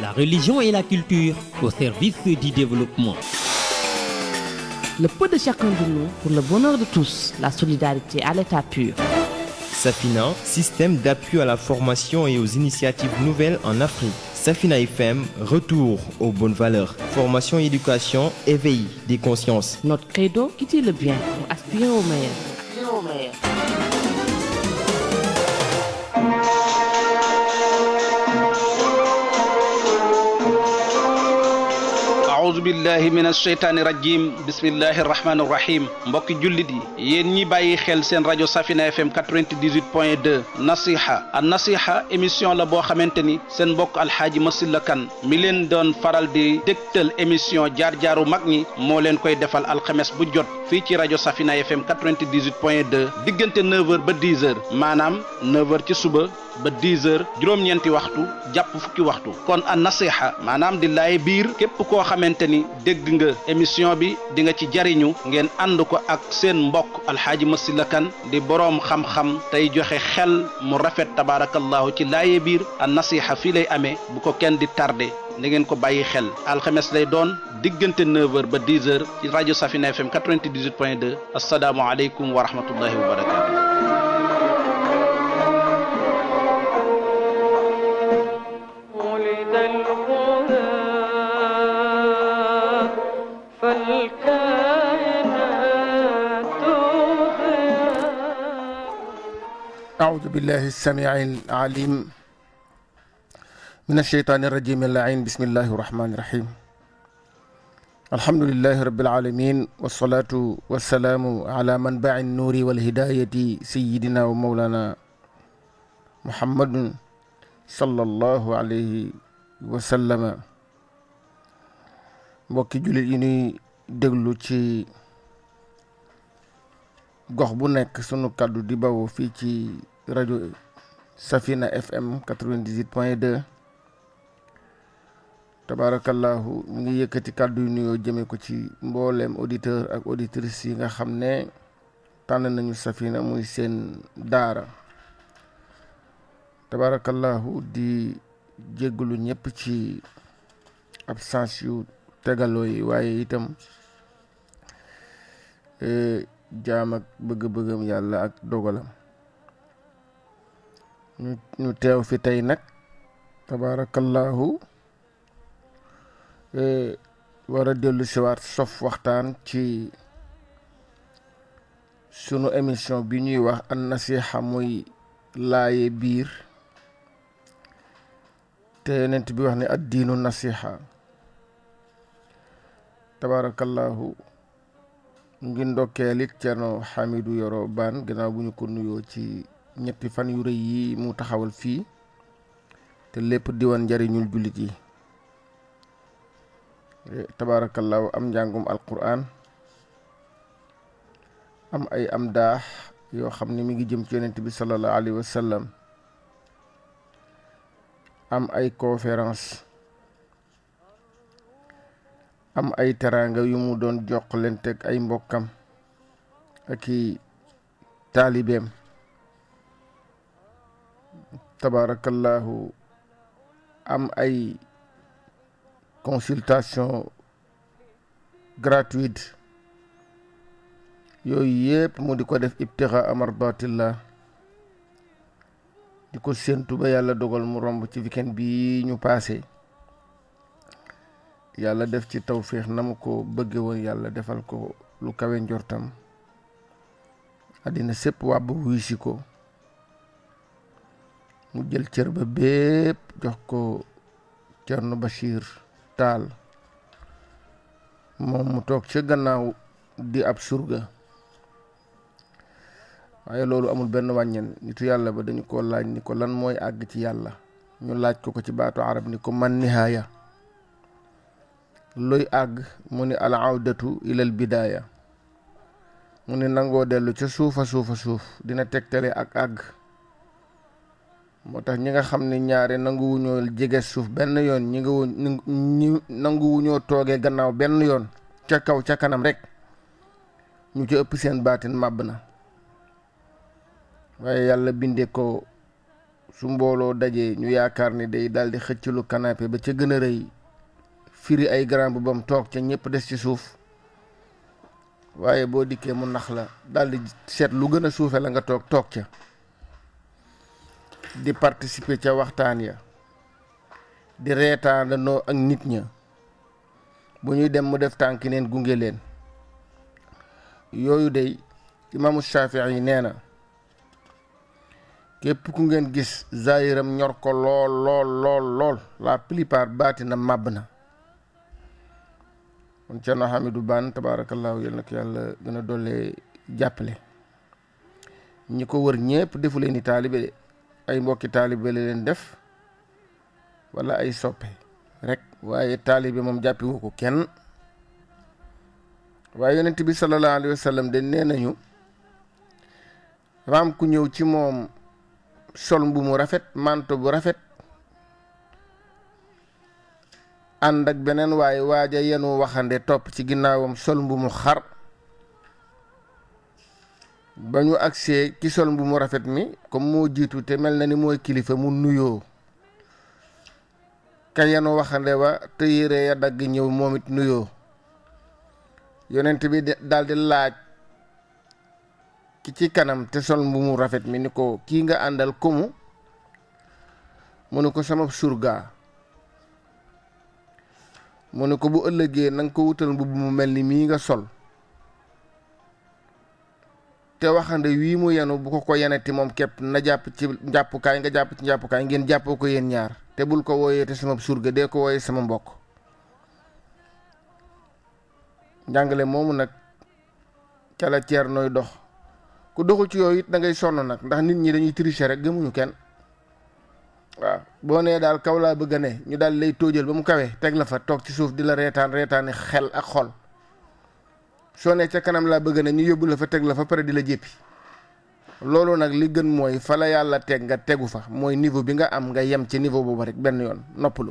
la religion et la culture au service du développement. Le pot de chacun de nous pour le bonheur de tous, la solidarité à l'état pur. Safina, système d'appui à la formation et aux initiatives nouvelles en Afrique. Safina FM, retour aux bonnes valeurs. Formation et éducation, éveil des consciences. Notre credo, quitter le bien pour Aspirer au meilleur. أعوذ بالله من الشيطان الرجيم بسم الله الرحمن الرحيم مبوكي جلدي يني باي خيل سين راديو سافينا اف ام 98.2 نصيحة النصيحة اميسيون لا بو خامتني سين بوك الحاج مسل كان ميلين دون فارال دي ديكتل اميسيون جار جارو ماغني مولين كوي ديفال الخميس بو جوت في تي راديو سافينا اف ام 98.2 ديغنتي 9h ب 10h مانام 9h تي صبا ب 10h جروم نينتي وقتو جاب فوكي وقتو كون النصيحة مانام دي لاي بير كيب كو خامتني te ni dégg nga émission bi di nga ci jariñu ngeen ànd ko ak seen mbokk alxaaji Massyla Kane di boroom xam-xam tey joxe xel mu rafet tabaarakallaahu ci laaye biir an nasiha fii lay amee bu ko kenn di tarde na ngeen ko bàyyi xel alxames lay doon diggante 9h ba 10h ci rajo Safina FM 98.2 asalaamualeykum wa rahmatullahi wa barakaatu. أعوذ بالله السميع العليم من الشيطان الرجيم اللعين بسم الله الرحمن الرحيم الحمد لله رب العالمين والصلاة والسلام على منبع النور والهداية سيدنا ومولانا محمد صلى الله عليه وسلم mbokki jullit yi ñuy تي غوخ بو نيك سونو كادو kàddu di bawoo rajo Safina FM 98 point 2 tabaarakallahu ñu ngi yëkkati kàddu yu nuyoo jëmee ko ci mbooleem auditeur ak auditrices yi nga xam ne tànn nañu Safina muy seen daara tabaarakallahu di jégglu ñëpp ci absence yu tegaloo yi waaye itam eh, jaam ak bëgg-bëggam yàlla ak dogalam ñu teew fi tey nag tabaarakallahu e, wara a dellu siwaat sof waxtaan ci sunu émission bi ñuy wax an nasiha muy laaye biir te yonent bi wax ne ad diinu nasiha tabaarakallahu ngi ndokkeelit Cerno Hamidou Yoro Bane gannaaw bu ñu ko nuyoo ci ñetti fan yu reuy yi mu taxawal fii te lépp diwan ñul julit yi tabarakallah am jangum alquran am ay am daax yo xam mi ngi jëm ci yonent bi sallallahu alaihi wasallam am ay conférence am ay teranga yu mu doon jox leen ay mbokam ak talibem tabaarakallaahu am ay consultation gratuite yooyu yëpp mu di ko def ibtixa amardatillah di ko séentu ba yàlla dogal mu romb ci weekend bii ñu paase yàlla def ci tawféex na mu ko bëgge woon yàlla defal ko lu kawe njortam àddina sépp wàbb wuy si ko mu jël cër ba bépp jox ko Cerno bashir Taal moom mu toog ca gannaaw di ab surga waaye loolu amul benn wàññeen nitu yàlla ba dañu ko laaj ni ko lan mooy àgg ci yàlla ñu laaj ko ko ci baatu arab ni ko man nihaaya luy àgg mu ni al awdatu ilal bidaaya mu ni nangoo dellu ca suufa suufa suuf dina tegtale ak àgg moo tax ñi nga xam ne ñaare nanguwuñoo jege suuf benn yoon ñi nga ñi nanguwuñoo toogee gannaaw benn yoon ca kaw ca kanam rek ñu ci ëpp seen baatin màbb na waaye yàlla bindee ko su mbooloo dajee ñu yaakaar ni day daldi xëcc lu canapé ba ca gën a rëy firi ay grand bu bam toog ca ñëpp des ci suuf waaye boo dikkee mu nax la daldi seet lu gën a suufe la nga toog toog ca di participer ca waxtaan ya di noo ak nit ña bu ñuy dem mu def tànki neen gunge leen yooyu day imaamu Shafii yi nee na képp ku ngeen gis zahiram ñor ko lool lool lool lool la plupart baati na màbb na kon Cerno Hamidou Bane tabaarakallaahu yal na ko yàlla gën a dollee jàppale ñi ko wër ñépp defu leen ni taalibe ay mbokki taalibe la leen def wala ay soppe rek waaye taalibe moom jàppiwu ko kenn waaye yonent bi sallallahu alayhi wa de nee nañu raam ku ñëw ci moom sol mbumu rafet manto bu rafet ànd ak beneen waaye waaja yenu waxande topp ci ginnaawam sol mbumu xar ba ñu agsee ki sol bu mu rafet mi comme moo jiitu te mel na ni mooy kilifa mu nuyoo ka yanu waxande wa te yére ya dagg ñëw moom it nuyoo yonent bi daldi laaj ki ci kanam te sol bu mu rafet mi ni ko kii nga àndal kumu mu ne ko sama surga mu ne ko bu ëllëgee nanga ko wutal mbubb mu mel ni mii nga sol te waxande wi mu yenu bu ko ko yeneti mom kep na japp ci kay nga japp ci kay ngeen japp ko yeen ñaar te bul ko woyé te sama surga de ko woyé sama mbokk jangale momu nak ci la tier noy dox ku doxu ci yoy it da ngay sonu nak ndax nit ñi dañuy tricher rek ñu kenn wa bo ne dal kaw bëgg ne ñu dal lay bamu kawé tek la fa tok ci suuf di la xel ak xol soo ne ca kanam laa bëgg na ñu yóbbu la fa teg la fa pare di la jéppi loolu nag li gën mooy fa la yàlla teg nga tegu fa mooy niveau bi nga am nga yem ci niveau boobu rek benn yoon noppalu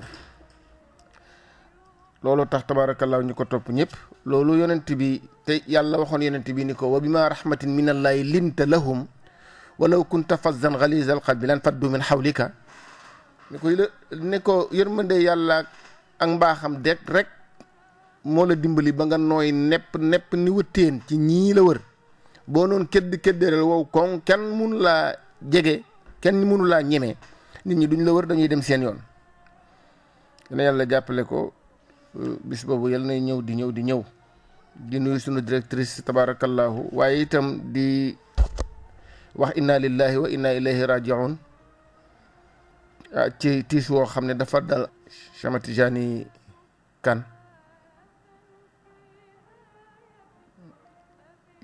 loolu tax tabaarakallaahu ñu ko topp ñëpp loolu yonent bi te yàlla waxoon yonent bi ni ko wa bi rahmatin min allaahi linta lahum walaw kunta fazan galiza alqalbi lan faddu min xawlika ni ko ni ko yërmande yàlla ak mbaaxam deg rek moo la dimbali ba nga nooy nepp nepp ni wëttéen ci ñii la wër boo noon kedd këddeeral wow kon kenn mun laa jege kenn munu laa ñeme nit ñi duñ la wër dañuy dem seen yoon dana yàlla jàppale ko uh, bis boobu nay ñëw di ñëw di ñëw di nuyu sunu directrice tabarakallahu waaye itam di wax inna lillahi wa inna ilayhi rajiun ah, ci tiis woo xam ne dafa dal chamatijani kan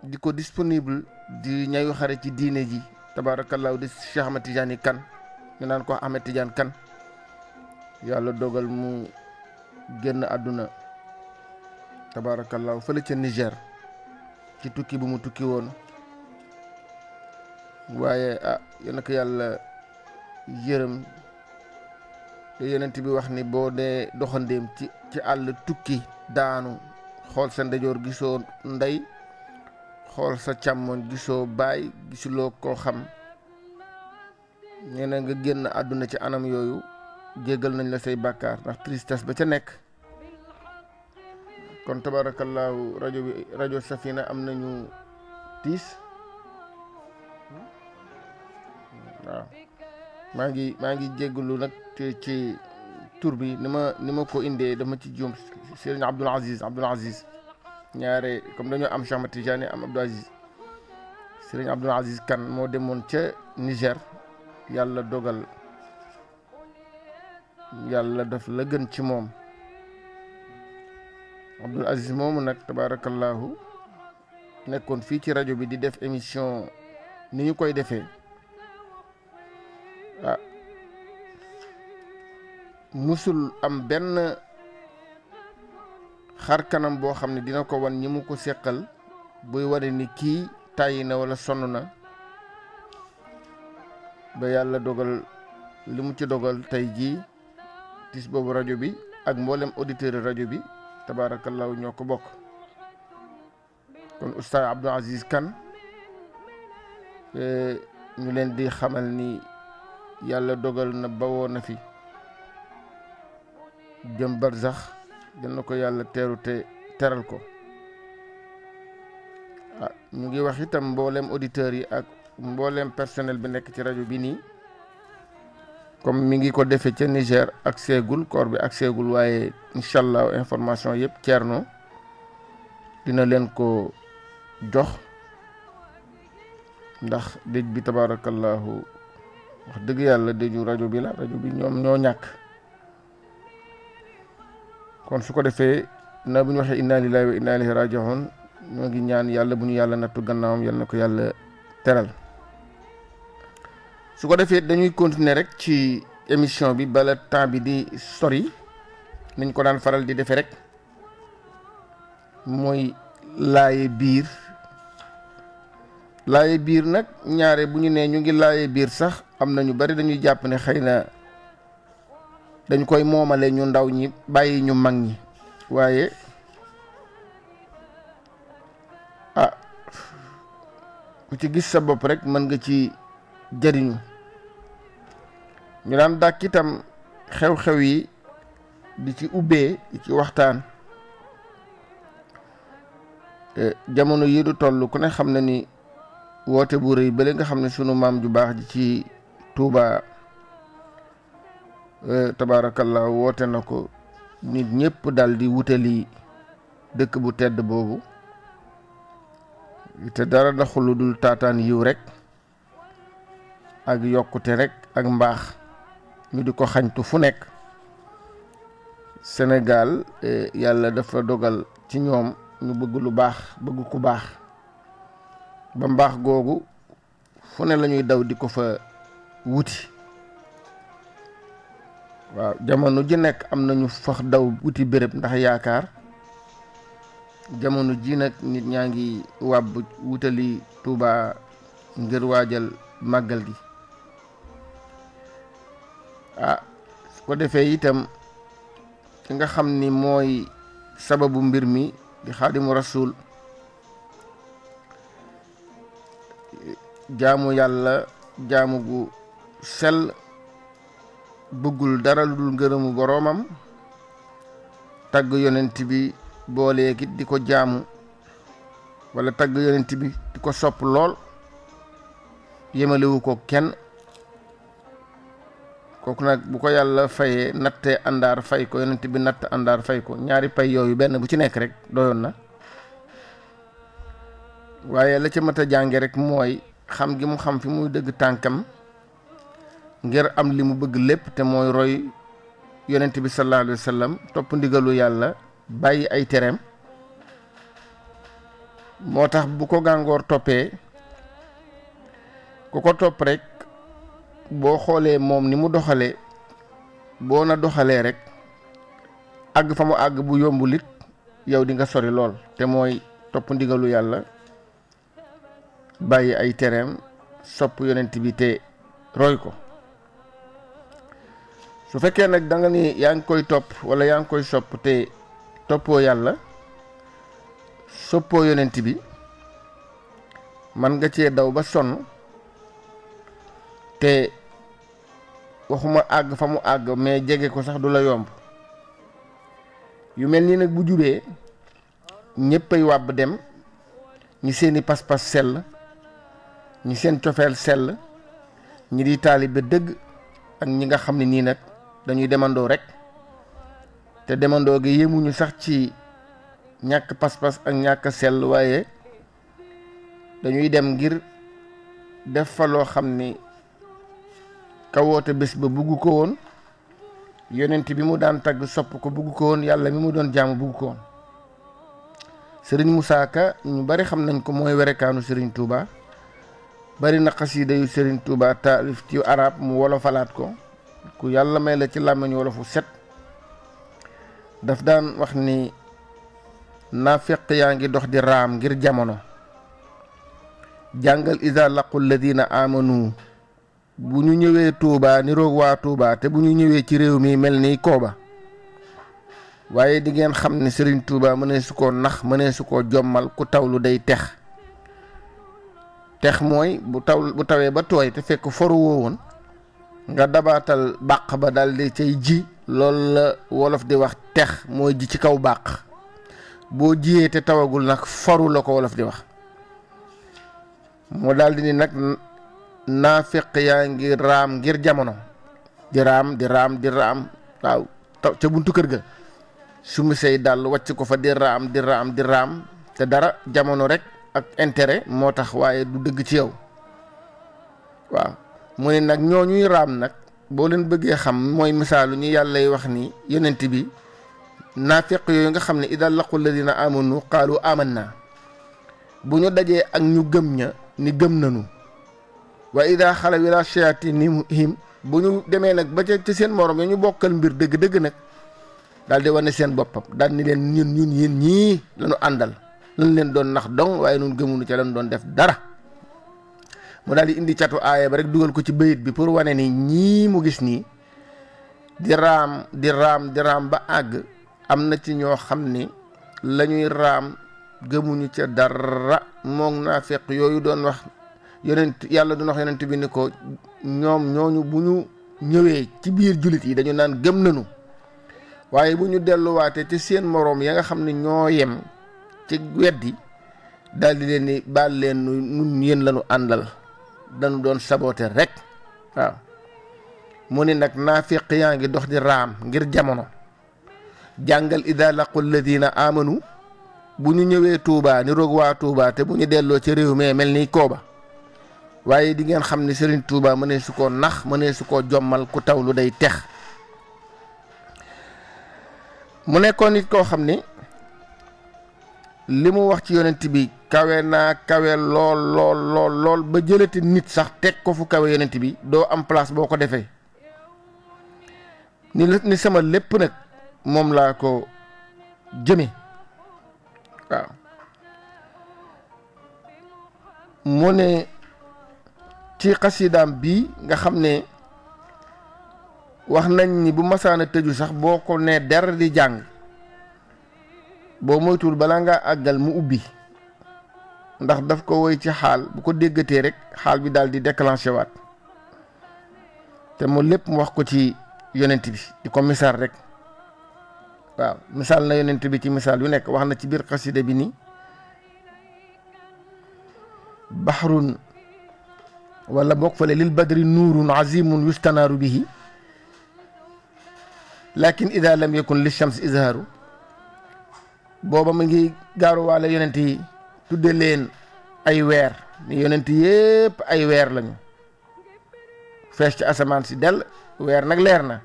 di ko disponible di ñayu xare ci diine ji tabaarakallaahu di Cheikh Ahmed Tidiane kan ñu naan ko Ahmed Tidiane kan yàlla dogal mu génn àdduna tabaarakallaahu fële ca Niger ci tukki bu mu tukki woon waaye ah yal ko yàlla yërëm te yonent bi wax ni boo dee doxandeem ci ci àll tukki daanu xool sa ndejoor gisoo ndey xool sa càmmooñ gisoo baay gisuloo koo xam nee na nga génn àdduna ci anam yooyu jéggal nañ la say bàkkaar ndax tristesse ba ca nekk kon tabaarakallaahu rajo bi rajo Safina am nañu tiis waaw maa ngi maa ngi jéggalu nag ci tur bi ni ma ni ma ko indee dama ci juum Serigne Abdoul Aziz Abdoul Aziz ñaare comme dañoo am Cheikh Tidiane am Abdou Aziz sëriñ Abdou Aziz Kane moo demoon ca Niger yàlla dogal yàlla daf la gën ci moom Abdou Aziz moomu nag tabaarakallaahu nekkoon fii ci rajo bi di def émission ni ñu koy defee ah musul am benn xar kanam boo xam ne dina ko wan ñi mu ko seqal buy wane ni kii tàyyi na walla sonn na ba yàlla dogal li mu ci dogal tey jii tis boobu rajo bi ak mboolem auditeur rajo bi tabaarakallaahu ñoo ko bokk kon oustaz Abdou Aziz Kane eh, ñu leen di xamal ni yàlla dogal na bawoon na fi jëm barzax yal na ko yalla teeru te teral ko ah ñu ngi wax itam mboolem auditeur yi ak mboolem personnel bi nek ci radio bi ni comme mi ngi ko ci Niger ak seegul koor bi ak seegul waaye inshallah information yépp Thierno dina len ko jox ndax deej bi tabarakallah wax deug yalla dëju radio bi la radio bi ñom ñoo ñak kon su ko defee na bu ñu waxee inna lillahi wa inna ilayhi raji'un ñoo ngi ñaan yàlla bu ñu yàlla nattu gannaawam yal na ko yàlla teral su ko defee dañuy continuer rek ci émission bi bala temps bi di sori niñ ko daan faral di defee rek mooy laaye biir laaye biir nag ñaare bu ñu nee ñu ngi laaye biir sax am na ñu bari dañuy jàpp ne xëy na dañ koy moomale ñu ndaw ñi bàyyi ñu mag ñi waaye a ah, ku ci gis sa bopp rek mën nga ci jëriñu ñu daan dàkk itam xew-xew yi di ci ubbee di ci waxtaan eh, jamono yi du toll ku ne xam na ni woote bu rëy bële nga xam ne sunu maam ju baax ji ci tuuba Eh, tabaarakallaahu woote na ko nit ñëpp dal di wutali dëkk bu tedd boobu te dara daxul lu dul taataan yiw rek ak yokkute rek ak mbaax ñu di ko xañtu fu nekk senegal eh, yàlla dafa dogal ci ñoom ñu bëgg lu baax bëgg ku baax ba mbaax googu fu ne lañuy daw di ko fa wuti waaw jamono ji nekk am nañu fax daw wuti béréb ndax yaakaar jamono ji nag nit ñaa ngi wàbb wutali tuubaa ngir waajal màggal gi ah su ko defee itam ki nga xam ni mooy sababu mbir mi di xaadimu rasuul jaamu yàlla jaamu gu sell bëggul dara lu dul ngërëmu boroomam tagg yonent bi booleeki di ko jaamu wala tagg yonent bi di ko sopp lool yemalewu ko kenn kooku nag bu ko yàlla fayee nattee àndaar fay ko yonent bi natt àndaar fay ko ñaari pay yooyu benn bu ci nekk rek doyoon na waaye la ca mat a jànge rek mooy xam gi mu xam fi muy dëgg tànkam ngir am li mu bëgg lépp te mooy roy yonent bi sallallahu alayhi wa topp ndigalu yàlla bàyyi ay tereem moo tax bu ko gàngoor toppee ku ko topp rekk boo xoolee moom ni mu doxalee boo na doxalee rek àgg fa mu àgg bu yombul it yow di nga sori lool te mooy topp ndigalu yàlla bàyyi ay tereem sopp yonent bi te roy ko su fekke nak da nga ni yang koy top wala yang koy sopp te topo yalla sopo yonent bi man nga ci daw ba son te waxuma ag famu ag me jege ko sax dula la yomb yu melni nak bu jubee ñeppay wab dem ñi seeni pass pass sel ñi seen cofeel sel ñi di deug ak ñi nga xamni ni nak dañuy demandoo rek te demandoo gi yemuñu sax ci ñàkk pas-pas ak ñàkk sell waaye dañuy dem ngir def fa loo xam ni ka bés ba bugg ko woon yonent bi mu daan tagg sopp ko bugg ko woon yàlla mi mu doon jaamu bugg ko woon sëriñ Moussa ñu bari xam nañ ko mooy werekaanu sëriñ Touba bari na yu sëriñ Touba taalif arab mu wolofalaat ko ku yàlla may la ci làmmiñ wala fu set daf daan wax ni naafeq yaa ngi dox di raam ngir jamono jàngal iza laqul ladina amanu bu ñu ñëwee Touba niroog waa Touba te bu ñu ñëwee ci réew mi mel nii Kooba waaye di ngeen xam ne Serigne Touba mënee su koo nax mënee su koo jommal ku taw lu day tex tex mooy bu taw bu tawee ba tooy te fekk foru woo woon nga damaatal bàq ba daal di cay ji lool la wolof di wax tex mooy ji ci kaw bàq boo jiyee te tawagul nag faru la ko wolof di wax moo daal di ni nag naafiq yaa ngi raam ngir jamono di raam di raam di raam waaw ca buntu kër ga su mu sey dàll wacc ko fa di raam di raam di raam te dara jamono rek ak intere moo tax waaye du dëgg ci yow waaw mu ne nag ñuy raam nag boo leen bëggee xam mooy misaalu ñu yàllay wax ni yonent bi naafiq yooyu nga xam ne ida laqu alladina amanu qaalu amanna bu ñu dajee ak ñu gëm ña ni gëm nanu wa ida xalaw ila him bu ñu demee nag ba ca ci seen morom ya ñu bokkal mbir dëgg-dëgg nag dal di wane seen boppam dal ni leen ñun ñun yeen ñii lañu àndal lañ leen doon nax dong waaye nun gëmunu ca lañ doon def dara mu daal di indi chatu aaya ba rek duggal ko ci beuyit bi pour wané ni ñi mu gis ni di ram di ram di ram ba ag amna ci ño xamni lañuy la ñuy raam gëmuñu dara mo nafiq yoyu doon wax yonent yalla doon wax yonent bi ni ko ñom ñoñu buñu ñëwé ci biir julit yi dañu naan gëm nañu waye buñu delu waté ci seen morom ya nga xamni yem ci weddi dal di leen ni bal leen nun yéen lañu andal dañu doon saboté rek waaw mu ni nag naafiq yaa ngi dox di raam ngir jamono jàngal ida laqu alladina amanu bu ñu ñëwee tuubaa ni roog waa Touba te bu ñu delloo ci réew mee mel nii kooba waaye di ngeen xam ni Serigne Touba mënee su koo nax mënee su koo jommal ku taw lu day tex mu nekkoon nit koo xam ni li mu wax ci yonent bi kawe naa kawe lool lool lool lool ba jëlati nit sax teg ko fu kawe yonent bi doo am place boo ko defee ni ni sama lépp nag moom laa ko jëme waaw mu ne ci xasidaam bi nga xam ne wax nañ ni bu a tëju sax boo ko nee der di jàng boo moytuwul balaa ngaa àggal mu ubbi ndax daf ko woy ci xaal bu ko déggatee rek xaal bi daal di déclenché waat te mu lépp mu wax ko ci yonent bi di ko misaal rek waaw misaal na yonent bi ci misaal yu nekk wax na ci biir xasida bi ni bahrun wala bokk fale lil badri nuurun azimun yustanaaru bihi lakin ida lam yakun li shams izharu booba mu ngi gaaruwaale yonent yi tudde leen ay weer ni yonent yépp ay weer lañu fees ci asamaan si dell weer nag leer na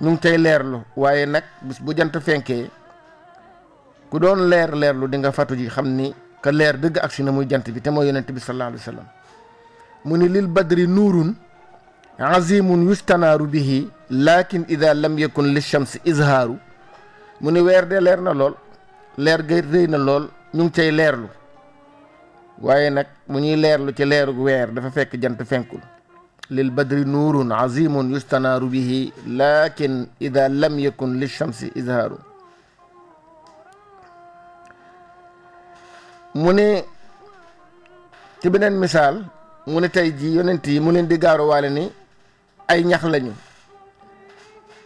ñu ngi tey leerlu waaye nag bu jant fenkee ku doon leer leerlu di nga fatu ji xam ni ka leer dëgg agsi na muy jant bi te mooy yonent bi sallallahu alayhi wa mu ni lil badri nuurun azimun yustanaaru bihi lakin ida lam yakun li shams izhaaru mu ni weer de leer na lool leer ga rëy na lool ñu ngi cay leerlu waaye nag mu ñuy leerlu ci leerug weer dafa fekk jant fenkul lil badri nuurun azimun yustanaaru bihi lakin ida lam yakun lishamsi izhaaru mu ne ci beneen misaal mu ne tey ji yonent yi mu leen di gaaruwaale ni ay ñax lañu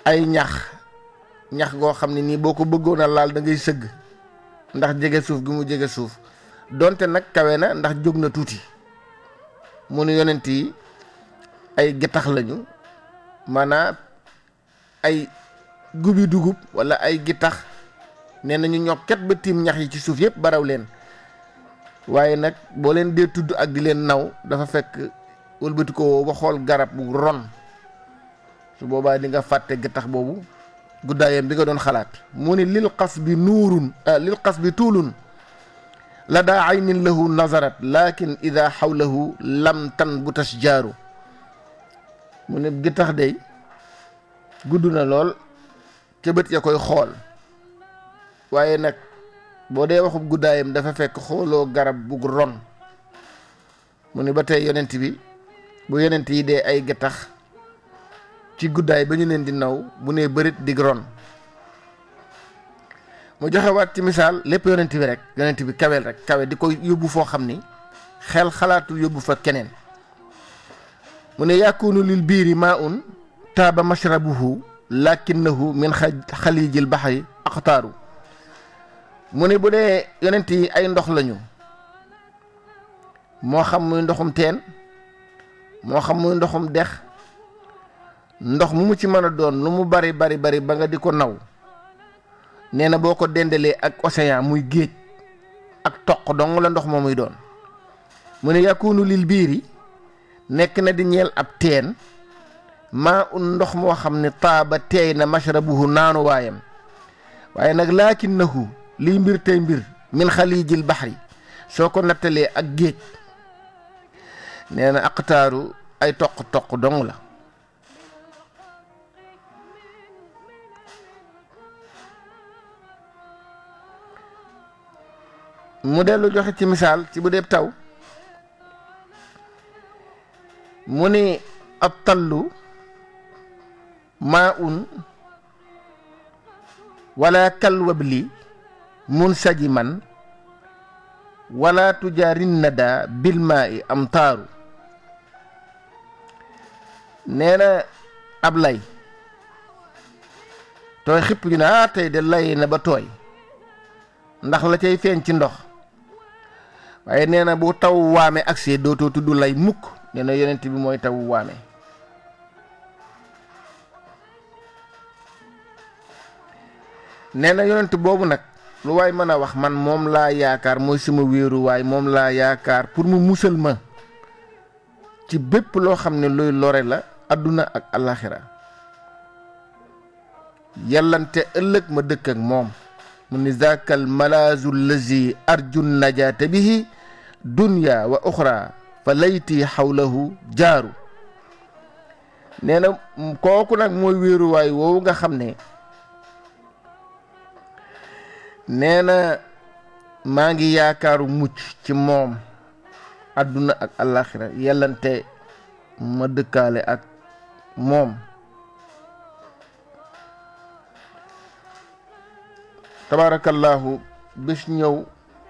ay ñax ñax goo xam ne nii boo ko bëggoon a laal da ngay sëgg ndax jege suuf gi mu jege suuf donte nag kawe na ndax jóg na tuuti mu nu yonent yi ay gettax lañu maanaam ay gubi dugub wala ay gittax nee nañu ñokket ba tiim ñax yi ci suuf yëpp baraw leen waaye nag boo leen dee tudd ak di leen naw dafa fekk wëlbatikoo ko xool garab bu ron su boobaa di nga fàtte gittax boobu guddaayam bi nga doon xalaat mu ni lil qas bi nuurun lil qas bi tuulun la daa aynin lahu nazarat lakin ida xawlahu lam tan bu tas jaaru mu ne gi tax day gudd na lool ca bët ya koy xool waaye nag boo dee waxub guddaayam dafa fekk xooloo garab bu ron mu ne ba tey yonent bi bu yonent yi dee ay gattax ci guddaay ba ñu leen di naw bu ne bërit di ron mu joxewaat ci misaal lépp yonent bi rek yonent bi kaweel rek kawe di ko yóbbu foo xam ni xel xalaatu yóbbu fa keneen mu ne yàkkoonu lil biiri maa un taaba mashrabuhu lakinnahu min xaliijil baxri aqtaaru mu ne bu dee yonent yi ay ndox lañu moo xam muy ndoxum teen moo xam muy ndoxum dex ndox mu mu ci mëna doon lu mu bari bari bari ba nga di ko naw nee na boo ko dendalee ak océan muy géej ak toq dong la ndox moo moomuy doon mu ne yàkkuunu biir yi nekk na di ñeel ab teen maa un ndox moo xam ne taaba teey na mashrabuhu naanu waayam waaye nag laakinnahu liy mbir tey mbir min xaliijil baxri soo ko nattalee ak géej nee na aqtaaru ay toq toq dong la mu dellu joxe ci misaal ci bu dee taw mu ni ab tallu maa un wala kalwabli mun saji man wala tujaarin nada bilmaa i am taaru nee na ab lay tooy xipp ñu ne ah tey de lay na ba tooy ndax la cay feeñ ci ndox waaye nee na bu taw waame agsee dootoo tudd lay mukk nee na yonent bi mooy taw waame nee na yonent boobu nag lu waay mën a wax man moom laa yaakaar mooy sama wéeruwaay moom laa yaakaar pour mu musal ma ci bépp loo xam ne luy lore la àdduna ak alaxira yàllante ëllëg ma dëkk ak moom mu ni zaaka al malaazu lazi arju najaata bihi dunya wa uxra fa layti xawlahu jaaru nee kooku nag mooy wéeruwaay woowu nga xam ne nee na maa ngi yaakaaru mucc ci moom àdduna ak àllaaxira yellante ma dëkkaale ak moom tabaarakallaahu bés ñëw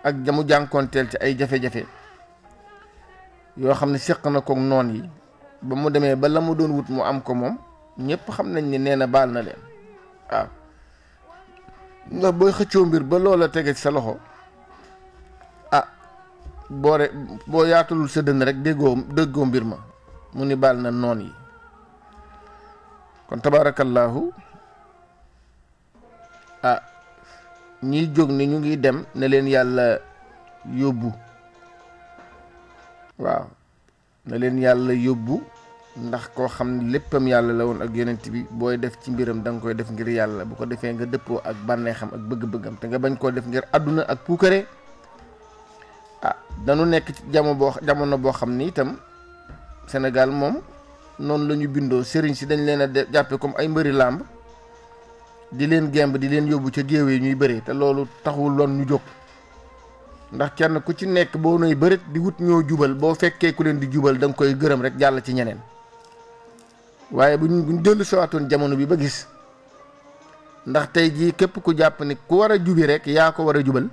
ak jamu jànkoonteel ci ay jafe-jafe yoo xam ne séq na ko noon yi ba mu demee ba la doon wut mu am ko moom ñëpp xam nañ ni nee na na leen waaw ndax booy xëccoo mbir ba loola tege ci sa loxo ah boo re boo yaatalul sa dënn rek déggoo déggoo mbir ma mu ni baal na noon yi kon tabaarakallaahu ah ñi jog ni ñu ngi dem ne leen yàlla yóbbu waaw na leen yàlla yóbbu ndax koo xam ne léppam yàlla la woon ak yonent bi booy def ci mbiram da nga koy def ngir yàlla bu ko defee nga dëppoo ak bànneexam ak bëgg-bëggam te nga bañ koo def ngir àdduna ak puukare ah dañu nekk ci jamo boo jamono boo xam ni itam Sénégal moom noonu la ñu bindoo sëriñ si dañ leen a comme ay mbëri làmb di leen gemb di leen yóbbu ca géew yi ñuy bëree te loolu taxul loon ñu jóg ndax kenn ku ci nekk boo noy bërit di wut ñoo jubal boo fekkee ku leen di jubal da nga koy gërëm rek jàll ci ñeneen waaye buñ buñ dellu siwaatoon jamono bi ba gis ndax tey jii képp ku jàpp ni ku war a jubi rek yaa ko war a jubal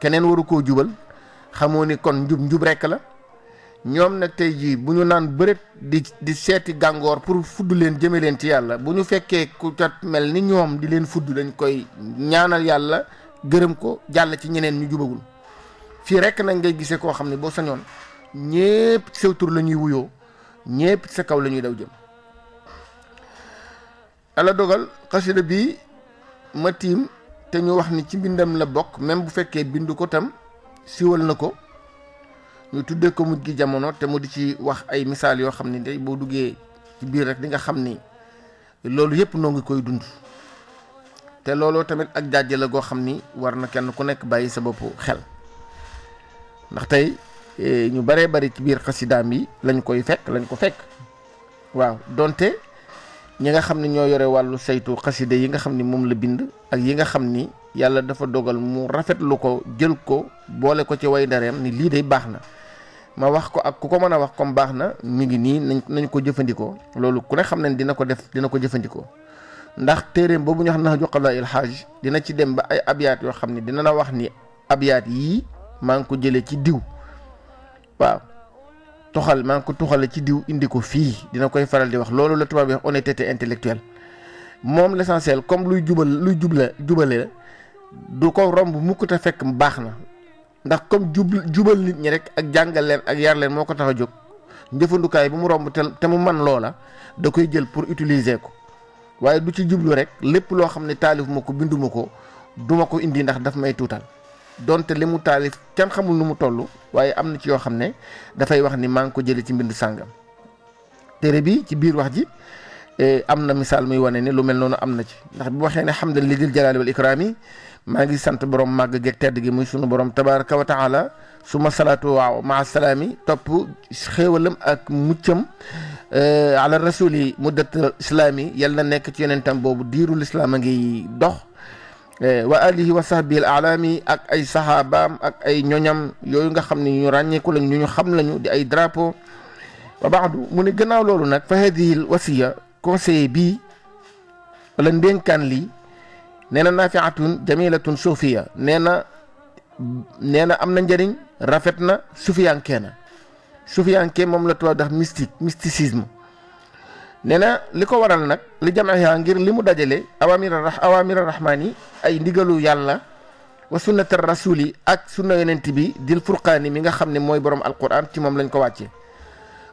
keneen waru koo jubal xamoo ni kon njub njub rekk la ñoom nag tey jii bu ñu naan bëreet di di seeti gàngoor pour fudd leen jëme leen ci yàlla bu ñu fekkee ku cat mel ni ñoom di leen fudd dañ koy ñaanal yàlla gërëm ko jàll ci ñeneen ñu jubagul fii rekk nag ngay gisee koo xam ne boo sañoon ñépp ci sa wuyoo ñépp ci sa kaw lañuy ñuy daw jëm ala dogal xasida bi ma tiim te ñu wax ni ci mbindam la bokk même bu fekkee bind ko tam siwal na ko ñu tuddee ko mujj gi jamono te mu di ci wax ay misaal yoo xam ni day boo duggee ci biir rek di nga xam ni loolu yëpp noo ngi koy dund te looloo tamit ak jàjje la goo xam ni war na kenn ku nekk bàyyi sa bopp xel ndax tey e, ñu baree bari ci biir xasidaam yi lañ koy fekk lañ ko fekk waaw donte ñi nga xam ne ñoo yore wàllu saytu xaside yi nga xam ni moom la bind ak yi nga xam ni yàlla dafa dogal mu rafetlu ko jël ko boole ko ci way ndareem ni lii day baax na ma wax ko ak ku ko mën a wax comme baax na mi ngi nii nañ nañ ko jëfandikoo loolu ku ne xam ne dina ko def dina ko jëfandikoo ndax téeréem boobu ñu wax na juqala il hajj dina ci dem ba ay abyaat yoo xam ne dina la wax ni abyaat yii maa ngi ko jëlee ci diw waaw toxal maa ngi ko toxale ci diw indi ko fii dina koy faral di wax loolu la tubaab yi intellectuelle moom l'essentiel comme luy jubal luy jubla jubale du ko romb mukk te fekk baax na ndax comme jub jubal nit ñi rek ak jàngal leen ak yar leen moo ko tax a jóg njëfandukaay bu mu romb te mu man loola da koy jël pour utiliser ko waaye du ci jublu rek lépp loo xam ne taalif ma ko binduma ko ma ko indi ndax daf may tuutal donte li mu taalif kenn xamul nu mu toll waaye am na ci yoo xam ne dafay wax ni maa ngi ko jëlee ci mbind sàngam téere bi ci biir wax ji eh, am na misaal muy wane ne lu mel noonu am na ci ndax bu waxee ne xam n li dil ماجي سانت بروم ماجي جيك تيد جي موي سونو بروم تبارك وتعالى سوما صلاتو مع السلامي توب خيولم اك موتيم على الرسول مدة سلامي يلا نيك تي نانتام بوبو ديرو الاسلام غي دوخ وآله وصحبه الأعلام أك أي صحابة أك أي نيونيام يوي نغا خامني نيو راني كول نيو خام لا دي أي درابو وبعد من غناو لولو نك فهذه الوصيه كونسي بي ولا ندين كان لي nee na naafiatun jamilatun suufiya nee na nee na am na njëriñ rafet na sufiyanke na sufiyanke moom la tubaab dax mystique mysticisme nee waral li ngir dajale awamir awamir arrahmaan ay ndigalu yalla, wa sunnata ak sunna yonent bi dil furqaani mi nga borom alquran ci moom lañ ko wàccee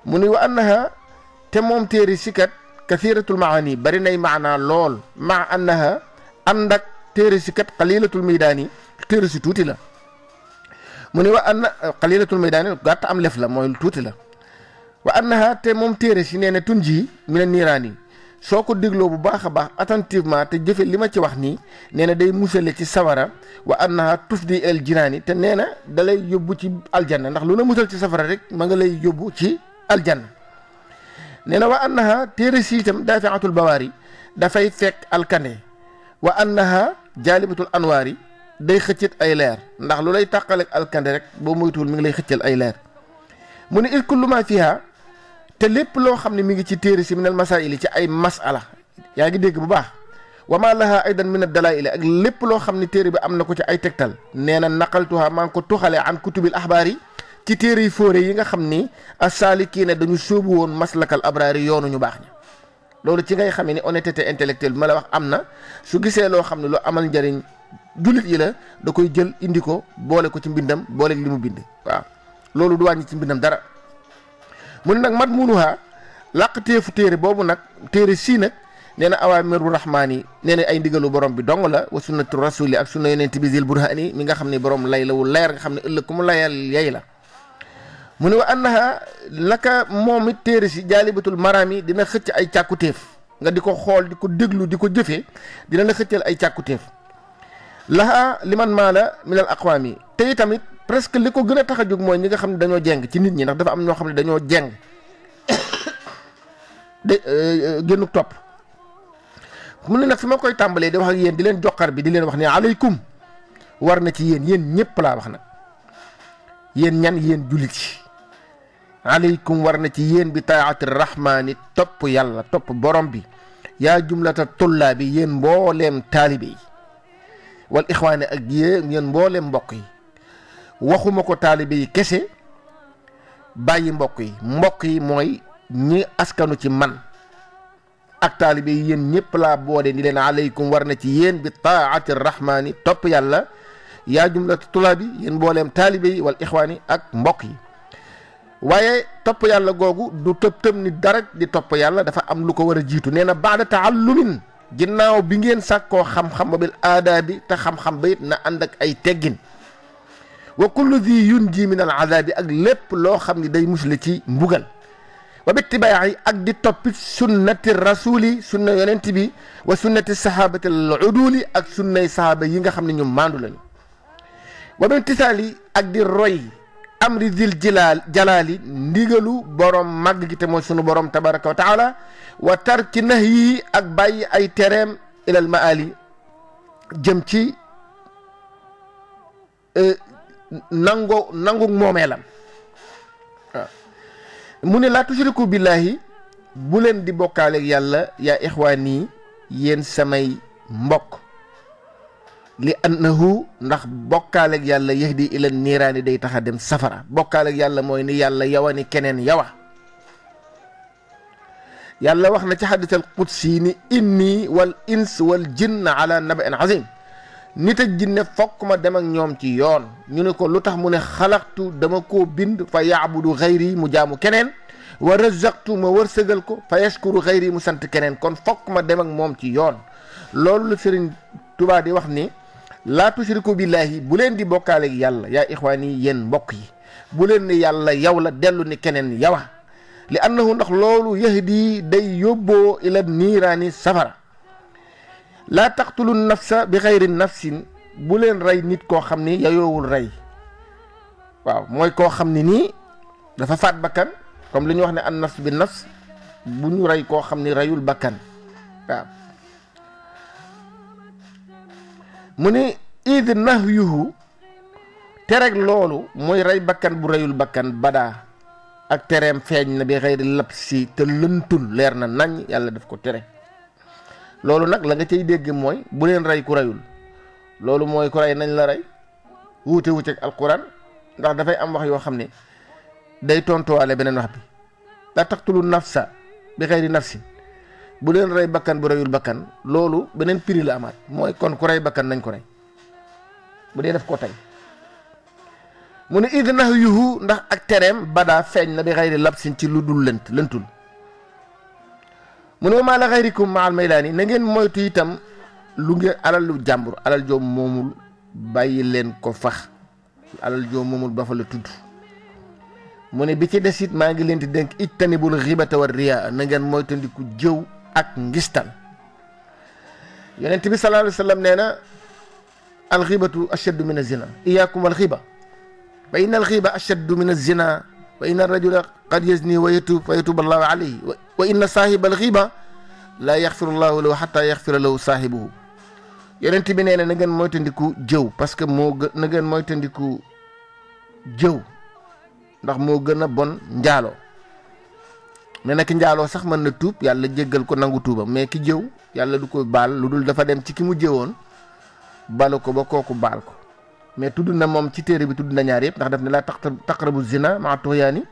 mu ni wa annaha te moom téeri si kat kathiratul maani bari nay maanaa lol, ma annaha ànd ak téere si kat xalilatul maydaani téere si tuuti la mu ni wa anna euh, xalilatul maydaani gàtt am lef la mooy tuuti la wa annaha te moom téere si nee na tun ji mi ne niiraan yi soo ko dégloo bu baax a baax attentivement te jëfe li ma ci wax nii nee na day musale ci sawara wa annaha di el jinaani te nee na da yóbbu ci aljanna ndax lu la musal ci safara rek ma nga lay yóbbu ci aljana nee na wa annaha téere si itam daafiatul bawaari dafay fekk alkane wa annaha jaalibatul anwaar yi day xëccit ay leer ndax lu lay tàqaleeg alkande rek boo moytuwul mi ngi lay xëccal ay leer mu ne il kullu ma fiha te lépp loo xam ne mi ngi ci téere si minal masaili ci ay masala yaa ngi dégg bu baax wa maa ma laha aidan min ad dalaili ak lépp loo xam ne téere bi am na ko ci ay tegtal nee na naqaltuha maa ngi ko tuxalee an kutubil axbaar yi ci téere yi fóore yi nga xam ni assaalikiina dañu sóobu woon maslakal abraari yoonu ñu baax loolu ci ngay xamee ni honnêteté intellectuelle bi ma la wax am na su gisee loo xam ne lu amal njariñ jullit yi la da koy jël indi ko boole ko ci mbindam boole li mu bind waaw loolu du wàññi ci mbindam dara mu ne nag mat munuha làq téefu téere boobu nag téere sii nag nee na awaamiru rahmaan yi nee na ay ndigalu borom bi dong la wa sunnatu rasuli ak sunna yonent bi zil burhaani mi nga xam ne borom lay lawul layar nga xam ne ëllëg ku mu layal yay la mu ne wa annaha naka moom it téere si jaalibatul maraam yi dina xëcc ay càkkutéef nga di ko xool di ko déglu di ko jëfee dina la xëccal ay càkkutéef laha liman maa la minal aqwaam yi te tamit presque li ko gën a tax a jóg mooy ñi nga xam ne dañoo jeng ci nit ñi ndax dafa am ñoo xam ne dañoo jeng de euh, euh, génnu topp mu ne nag fi ma koy tàmbalee di wax ak yéen di leen joxar bi di leen wax ne aleykum war na ci yéen yéen ñëpp laa wax nag yéen ñan yéen jullit yi عليكم ورنتي يين بطاعة الرحمن توب يلا توب برمبي يا جملة الطلاب ين بولم طالبي والإخوان أجي ين بولم بقي وخو مكو طالبي كسي باي مبقي مبقي موي ني أسكنو تي من أك طالبي يين نيب بولي نيلين عليكم ورنتي يين بطاعة الرحمن توب يلا يا جملة الطلاب ين بولم طالبي والإخوان أك مبقي waaye topp yàlla googu du tëb tëb ni dara di topp yàlla dafa am lu ko war a jiitu nee na baada taallumin ginnaaw bi ngeen sàkkoo xam-xam ba bi aadaabi te xam-xam ba na ànd ak ay teggin wa kullu di yunji min al azaabi ak lépp loo xam ni day musle ci mbugal wa bittibaayi ak di toppi sunnati rasuli sunna yonent bi wa sunnati sahabati al uduli ak sunnay sahaaba yi nga xam ne ñu maandu lañu wa bimtisaali ak di roy am dil jilaal jalaali ndigalu borom màgg gi te mooy sunu borom tabaraka wa taala wa nax yi ak bàyyi ay tereem ilal maali jëm ci e, nango nangu moomeelam waaw mu ne laa tushriku billahi bu leen di bokkaaleeg yàlla yaa ixwaan yi yéen samay mbokk li annahu ndax bokkaaleeg yàlla yahdi ila niiraani day tax a dem safara bokkaaleeg yàlla mooy ni yàlla yawa ni keneen yawa yàlla wax na ci xadis al qudsi ni inni wal ins wal jinn ala naba in azim nit ak jinne fokk ma dem ak ñoom ci yoon ñu ne ko lu tax mu ne xalaqtu dama koo bind fa yaabudu xayri mu jaamu keneen wa razaqtu ma wërsëgal ko fa yashkuru xayri mu sant keneen kon fokk ma dem ak moom ci yoon loolu lu Sëriñ Tuubaa di wax ni laa tushriku billahi bu leen di bokkaale yàlla yaa ixwaani yéen mbokk yi bu leen ni yàlla yow la dellu ni keneen yawa li annahu ndax loolu yahdi day yóbboo ila niiraani safara laa taxtulu nafsa bi xayri nafsin bu leen rey nit koo xam ni yayoowul rey waaw mooy koo xam ni nii dafa faat bakkan comme li ñu wax ne an nafs bi nafs bu ñu rey koo xam ni reyul bakkan waaw mu ne nax nahyuhu tereek loolu mooy rey bakkan bu reyul bakkan badaa ak tereem feeñ na bi xëyri lab si te lëntul leer na nañ yàlla def ko tere loolu nag la nga cay dégg mooy bu leen rey ku reyul loolu mooy ku rey nañ la rey wuute wuuteeg alquran ndax dafay am wax yoo xam ne day tontuwaale beneen wax bi la taqtulu nafsa bi xëyri nafsin bu leen rey bakkan bu reyul bakkan loolu beneen prix la amaat mooy kon ku rey bakkan nañ ko rey bu dee def ko tey mu ne id nax yuhu ndax ak tereem badaa feeñ na bi xayri labsin ci lu dul lënt lëntul mu ne maa la xayrikum maal maylaani na ngeen moytu itam lu ngeen alal lu jàmbur alal joom moomul bàyyi leen ko fax alal joom moomul ba fa la tudd mu ne bi ci des it maa ngi leen di dénk ijtanibul xibata wa riyaa na ngeen moytandiku jëw ak ngistal yonent bi sallallahu alayhi wasallam neena al ghibatu ashaddu min az-zina iyyakum iyakum ghiba fa inna al ghiba ashaddu min az-zina wa inna ar arrajula qad yazni wa yatub fa yatub allahu alayhi wa inna sahib al ghiba la yaghfiru llahu lahu hatta yaghfira lahu sahibuhu yonent bi nee na na ngeen moytandiku jëw parce que mo na ngeen moytandiku jëw ndax mo gën bon njaaloo mais nag njaaloo sax mën na tuub yàlla jéggal ko nangu tuubam mais ki jëw yàlla du ko baal lu dul dafa dem ci ki mu jëwoon balu ko ba kooku baal ko mais tudd na moom ci téere bi tudd na ñaar yëpp ndax daf ne laa taq taqrabu zina maa tuxyaani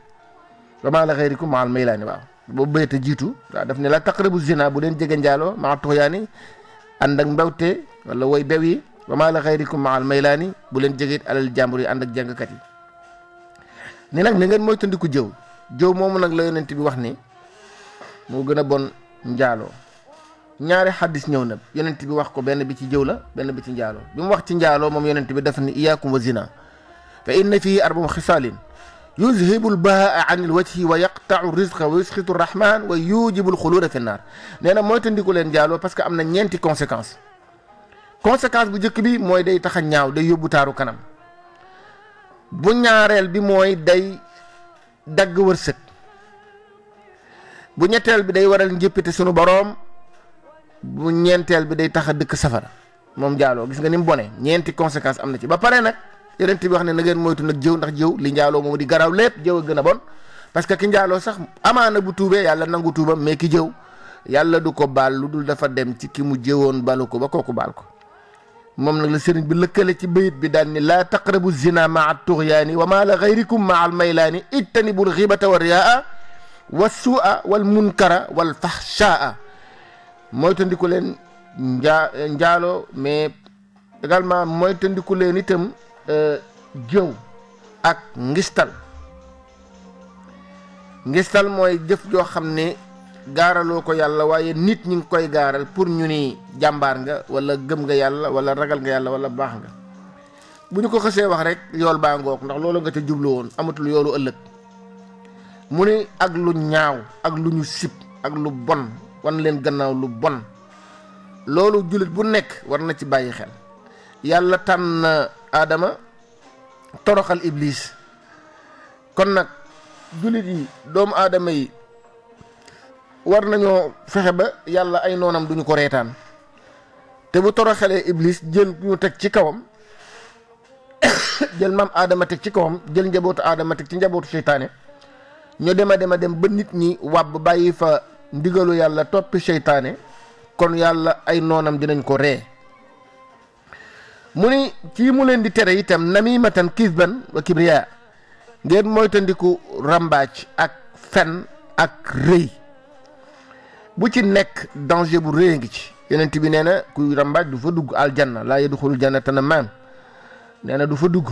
wa maa la xayrikum maa al maylaani waaw boobu bayta jiitu waaw ne laa taqrabu zina bu leen jege njaaloo maa tuxyaani ànd ak mbewte wala bew yi la xayrikum maa al maylaani bu leen jege alal jàmbur yi ànd ak jàngkat yi ni nag na ngeen moytandiku jëw جو momu nak la yonent bi wax ni mo gëna bon njaalo ñaari hadis ñew na yonent bi wax ko ben bi ci jow la ben bi ci njaalo bi mu wax ci njaalo mom yonent يذهب البهاء عن الوجه ويقطع الرزق ويسخط الرحمن ويوجب الخلود في النار نانا موي تانديكو لين جالو باسكو امنا نينتي كونسيكونس كونسيكونس بو جيك بي موي داي تاخا نياو داي يوبو تارو كانام بو نياارل بي موي داي dagg wërsëg bu ñetteel bi day waral njëppite sunu boroom bu ñeenteel bi day tax a dëkk safara moom jaaloo gis nga ni mu bone ñeenti conséquence am na ci ba pare nag yeneen bi wax ne na ngeen moytu nag jëw ndax jëw li njaaloo moom di garaw lépp jëw a gën a bon parce que ki njaaloo sax amaana bu tuubee yàlla nangu tuubam mais ki jëw yàlla du ko baal lu dul dafa dem ci ki mu jëwoon balu ko ba kooku baal ko mom nak la serigne bi lëkkale ci beuyit bi dal ni la taqrabu zina maa tuxyaani wa maa la gayrikum maa al maylaani ijtanibul ghibata wa riyaa wa suua wal munkara wal fahshaa moy tandiku len njaalo mais également moy tandiku len itam jëw ak ngistal ngistal moy def jo xamne gaaraloo ko yàlla waaye nit ñi ngi koy gaaral pour ñu ni jàmbaar nga wala gëm nga yàlla wala ragal nga yàlla wala baax nga bu ñu ko xësee wax rek yool baa ngoog ndax loolu nga ca jublu woon amatul yoolu ëllëg mu ni ak lu ñaaw ak lu ñu sib ak lu bon wan leen gannaaw lu bon loolu jullit bu nekk war na ci bàyyi xel yàlla tànn aadama toroxal iblis kon nag jullit yi doomu aadama yi war nañoo fexe ba yàlla ay noonam duñu ko reetaan te bu toroxalee iblis jël ñu teg ci kawam jël maam aadama teg ci kawam jël njabootu aadama teg ci njabootu seytaane ñu dem a dem a dem ba nit ñi wàbb bàyyi fa ndigalu yàlla toppi seytaane kon yàlla ay noonam dinañ ko ree mu ni ci mu leen di tere itam namimatan kisban wa kibriya ngeen moytandiku rambaaj ak fen ak rëy bu ci nekk danger bu rëy ngi ci yeneen bi nee na kuy rambaaj du fa dugg aljanna laa yadxulul jannata nammaam nee na du fa dugg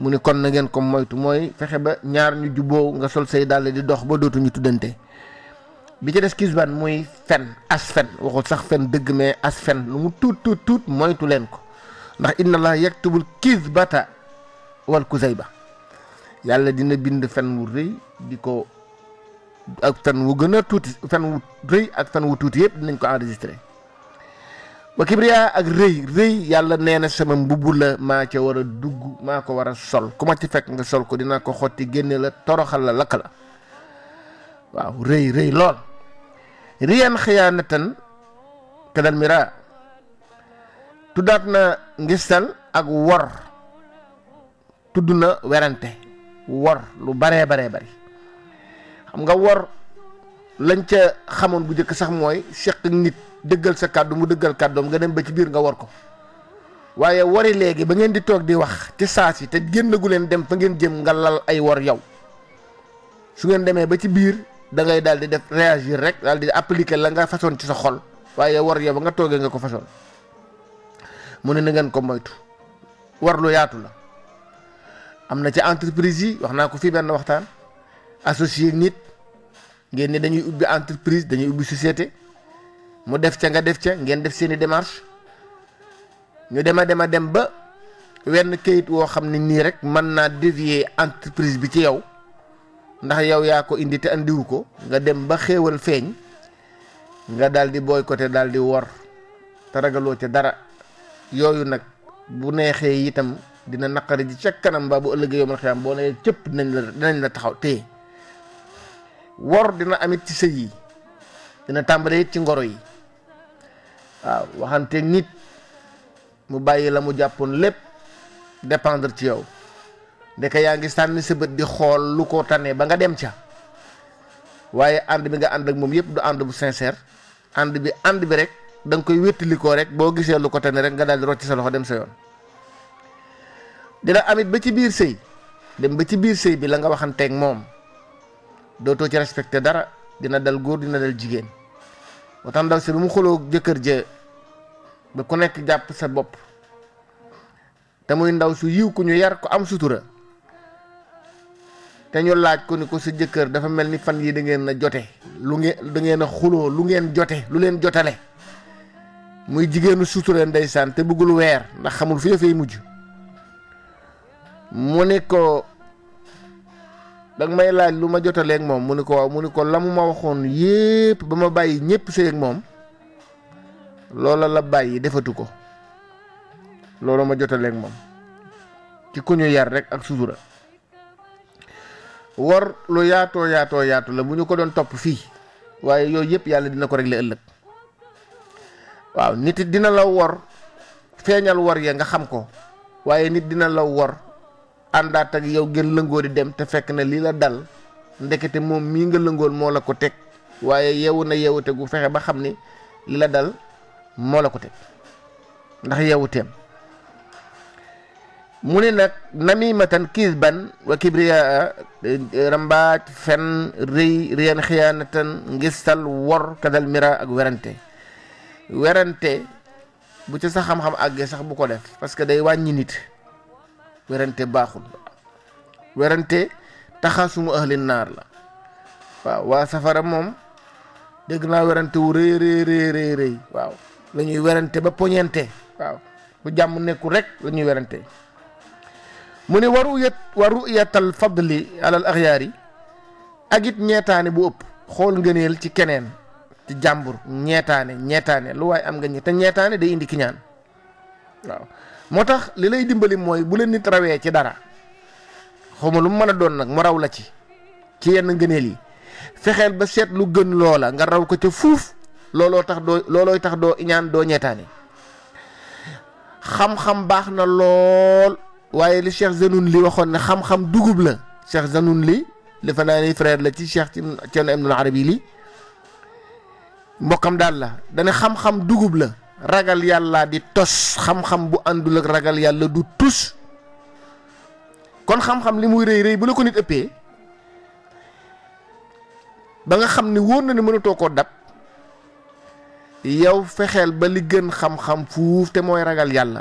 mu ni kon na ngeen ko moytu mooy fexe ba ñaar ñu jubboo nga sol say dàll di dox ba dootuñu tuddante bi ci des kisbaan muy fen as fen waxul sax fen dëgg mais as fen lu mu tuut tuut tuut moytu leen ko ndax inna allah yaktubul kisbata wal ba yàlla dina bind fen wu rëy di ko ak fen wu gën a tuuti fen wu rëy ak fen wu tuuti yëpp dinañ ko enregistré wa kibriya ak rëy rëy yàlla nee na sama mbubb la maa ca war a dugg maa ko war a sol ku ma ci fekk nga sol ko dina ko xotti génne la toroxal la lakk la waaw rëy rëy lool riyan xiyaanatan kadal mira tuddaat na ngi ngistal ak wor tudd na werante wor lu baree baree bari xam nga wor lañ ca xamone bu jëk sax moy seq nit dëggal sa kaddu mu dëggal kaddu nga dem ba ci bir nga war ko waye wori legi ba ngeen di tok di wax ci saasi te gennagu len dem fa ngeen jëm nga lal ay wor yow su ngeen demé ba ci bir da ngay dal di def réagir rek dal di appliquer la nga façon ci sa xol waye war yow nga toge nga ko façon mu ngeen ko moytu war lu yaatu la amna ci entreprise yi waxna ko fi ben waxtan associé nit ngeen ne dañuy ubbi entreprise dañuy ubbi société mu def ca nga def ca ngeen def seeni démarche ñu dem a dem ba wenn kayit woo xam ne nii rek mën naa dévier entreprise bi ci yow ndax yow yaa ko indi te andiwu ko nga dem ba xéewal feeñ nga daal di boycotté daal di wor te ragaloo ca dara yooyu nag bu neexee itam dina naqari ji ca kanam ba bu ëllëgee yomal xiyam boo nee cëpp nañ la dinañ la taxaw téye wor dina amit ci sey yi dina tambale ci ngoro yi waaw waxante nit mu bàyyi la mu jàppoon lepp dépendre ci yow ndeke yaa ngi sa beut di xol lu ko tane ba nga dem ca waye and bi nga and ak mom yépp du and bu sincère and bi and bi rek dang koy koy ko rek bo lu ko tane rek nga dal di rocc sa loxo dem sa yoon dina amit ba ci biir sey dem ba ci biir sey bi la nga ak mom dootoo ci respecté dara dina dal góor dina dal jigéen ba tax ndaw si bi mu xuloo jëkkër jee ba ku nekk jàpp sa bopp te muy ndaw su yiw ku ñu yar ku am sutura te ñu laaj ko ni ko sa jëkkër dafa mel ni fan yi da ngeen a jote lu ngeen da ngeen a xuloo lu ngeen jote lu leen jotale muy jigéenu sutura ndeysaan te bëggul weer ndax xamul fi dafay mujj mu ne ko dang may laaj lu ma ak moom mu ni ko waaw mu ni ko la mu ma waxoon yépp ba ma bàyyi ñépp sëy ak moom loola la bàyyi defatu ko loolu ma ak moom ci ku ñu yar rek ak sutura war lu yaatoo yaatoo yaatu la bu ko don topp fii waaye yooyu yépp yàlla dina ko régler ëllëg waaw nit dina la war feeñal war ya nga xam ko waaye nit dina la war àndaat ak yow ngeen lëngoo di dem te fekk na lii la dal ndekete moom mii nga lëngool moo la ko teg waaye yeewu na yeewute gu fexe ba xam ni li la dal moo la ko teg ndax yeewuteem mu ne nag namimatan kisban wa kibriyaa rambaaj fen rëy riyan xiyaanatan ngistal wor kadal mira ak werante werante bu ci sa xam-xam àggee sax bu ko def parce day wàññi nit werante baaxul werante taxaasumu ahlin naar la waaw waa safara moom dégg naa werante wu rëy rëy rëy waaw la werante ba poñente waaw bu jàmm nekku rek lañuy werante mu ni waru yet waru yetal fadli alal axyaar yi ak it ñeetaane bu ëpp xool ngëneel ci keneen ci jàmbur ñeetaane ñeetaane lu waaye am nga ñi te ñeetaane day indi ki waaw motax li lay dimbali moy bu len nit rawee ci dara xawma lu mu don a mo raw la ci ci yenn ngeeneel yi fexel ba set lu gën loola nga raw ko ci fouf lolo. tax do lolo tax do iñan do ñeetaane xam-xam baax na lool waaye li Cheikh Zanoun li waxon ne xam-xam dugub la Cheikh Zanoun li le fanani frère la ci Cheikh Arabi li mbokam dal la dañ xam-xam dugub la ragal yàlla di tos xam-xam bu àndul ak ragal yàlla du tus kon xam-xam li muy rëy rëy bu la ko nit ëppee ba nga xam ni wóor na ni mënatoo koo dab yow fexeel ba li gën xam-xam fuuf te mooy ragal yàlla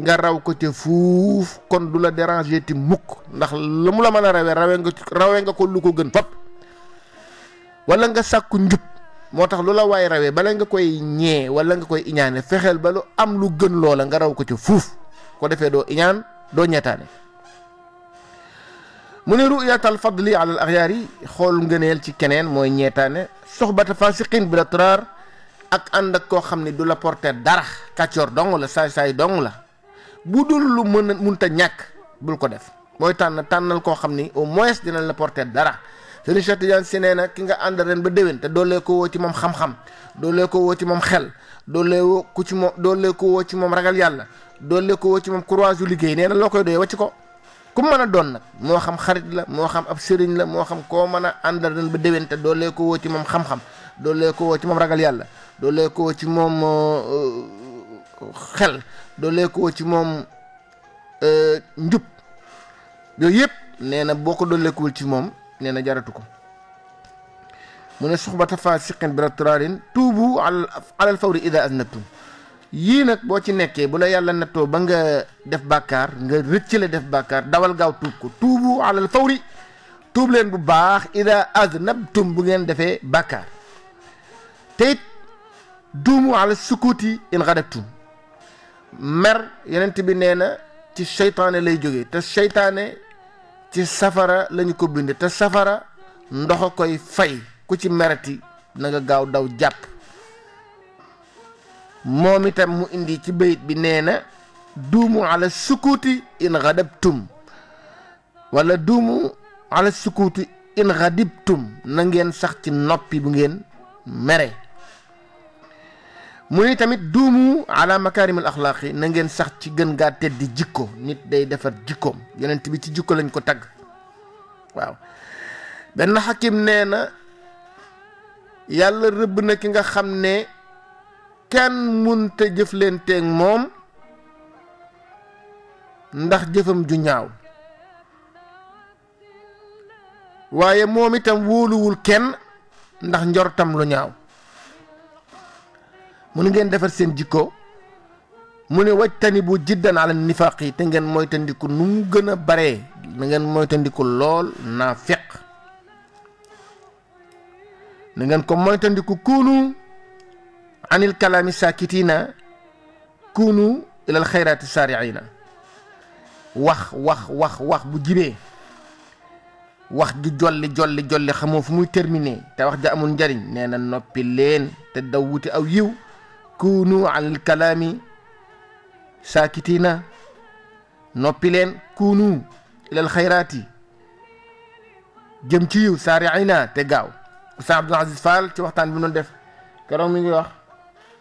nga raw ko te fuuf kon du la déranger ti mukk ndax lu mu la mën a rawee rawe nga rawe nga ko lu ko gën fop wala nga sàkku njub motax lula way la waay bala nga koy ñee wala nga koy iñaane fexel ba lu am lu gën loola nga raw ko ci fuf ko iya do iñan do ñeetaane mune ru'yat al fadli ala al aghyari xol ngeenel ci keneen moy ñeetaane sohbat fasiqin bil atrar ak and ak ko xamni du la porter dara kacior dong la say say dong la budul lu mën munta ñak bul ko def moy tan tanal ko xamni au moins dina la porter dara Serigne Cheikh Tidiane Sy nee na ki nga ànd ren ba déwén te woo ci moom xam-xam doolee ko woo ci moom xel doolee woo ku ci moom doolee ko ci moom ragal yàlla doolee ko ci moom courage yu liggéey na loo koy doyee wàcc ko ku mën a doon nag moo xam xarit la moo xam ab sëriñ la moo xam koo mën a àndal ren ba déwén te doolee woo ci moom xam-xam doolee ko woo ci moom ragal yàlla doolee ko woo ci moom euh, xel doolee ci moom euh, njub yooyu yëpp nee na boo ko dooleekuwul ci moom nee na jaratu ko mu ne suxbata fasiqin bi ratraarin tuubu alal fawri ida aznabtum yii nag boo ci nekkee bu la yàlla nattoo ba nga def bàkkaar nga rëccale def bàkkaar dawal gaaw tuub ko tuubu alal fawri tuub leen bu baax ida aznabtum bu ngeen defee bàkkaar te it duumu ala sukuuti in xadabtum mer yenent bi nee na ci seytaane lay jógee te seytaane ci safara lañu ko bind te safara ndox a koy fay ku ci merati na nga gaaw daw jàpp moom itam mu indi ci bayit bi nee na duumu ala sukuuti in xadabtum wala duumu ala sukuuti in xadibtum na ngeen sax ci noppi bu ngeen mere mu ni tamit duumu ala makaarimul axlaaqi na sax ci gën gaa teddi jikko nit day defar jikkoom yonent bi ci jikko lañ ko tagg waaw benn xakim nee na yàlla rëbb na ki nga xam ne kenn munta jëflanteeg moom ndax jëfam ju ñaaw waaye moom itam wóoluwul kenn ndax njortam lu ñaaw mu ne ngeen defar seen jikko mu ne tani bu jiddan ala nifaqi te ngeen moytandiku nu mu gën a baree na ngeen moytandiku lool naa feq na ngeen ko moytandiku kunu anil kalami sakitina, kuunu ilal xayraati sariina wax wax wax wax bu jibee wax gi jolli jolli jolli xamoo fu muy terminer te wax ja amul njariñ nee na noppi leen te daw wuti aw yiw كونو على الكلام ساكتين نوبيلين كونوا الى الخيرات جمتيو سارعين تيغاو اسامه عبد العزيز فال تي وقتان بنو ديف كرو مي وخ ا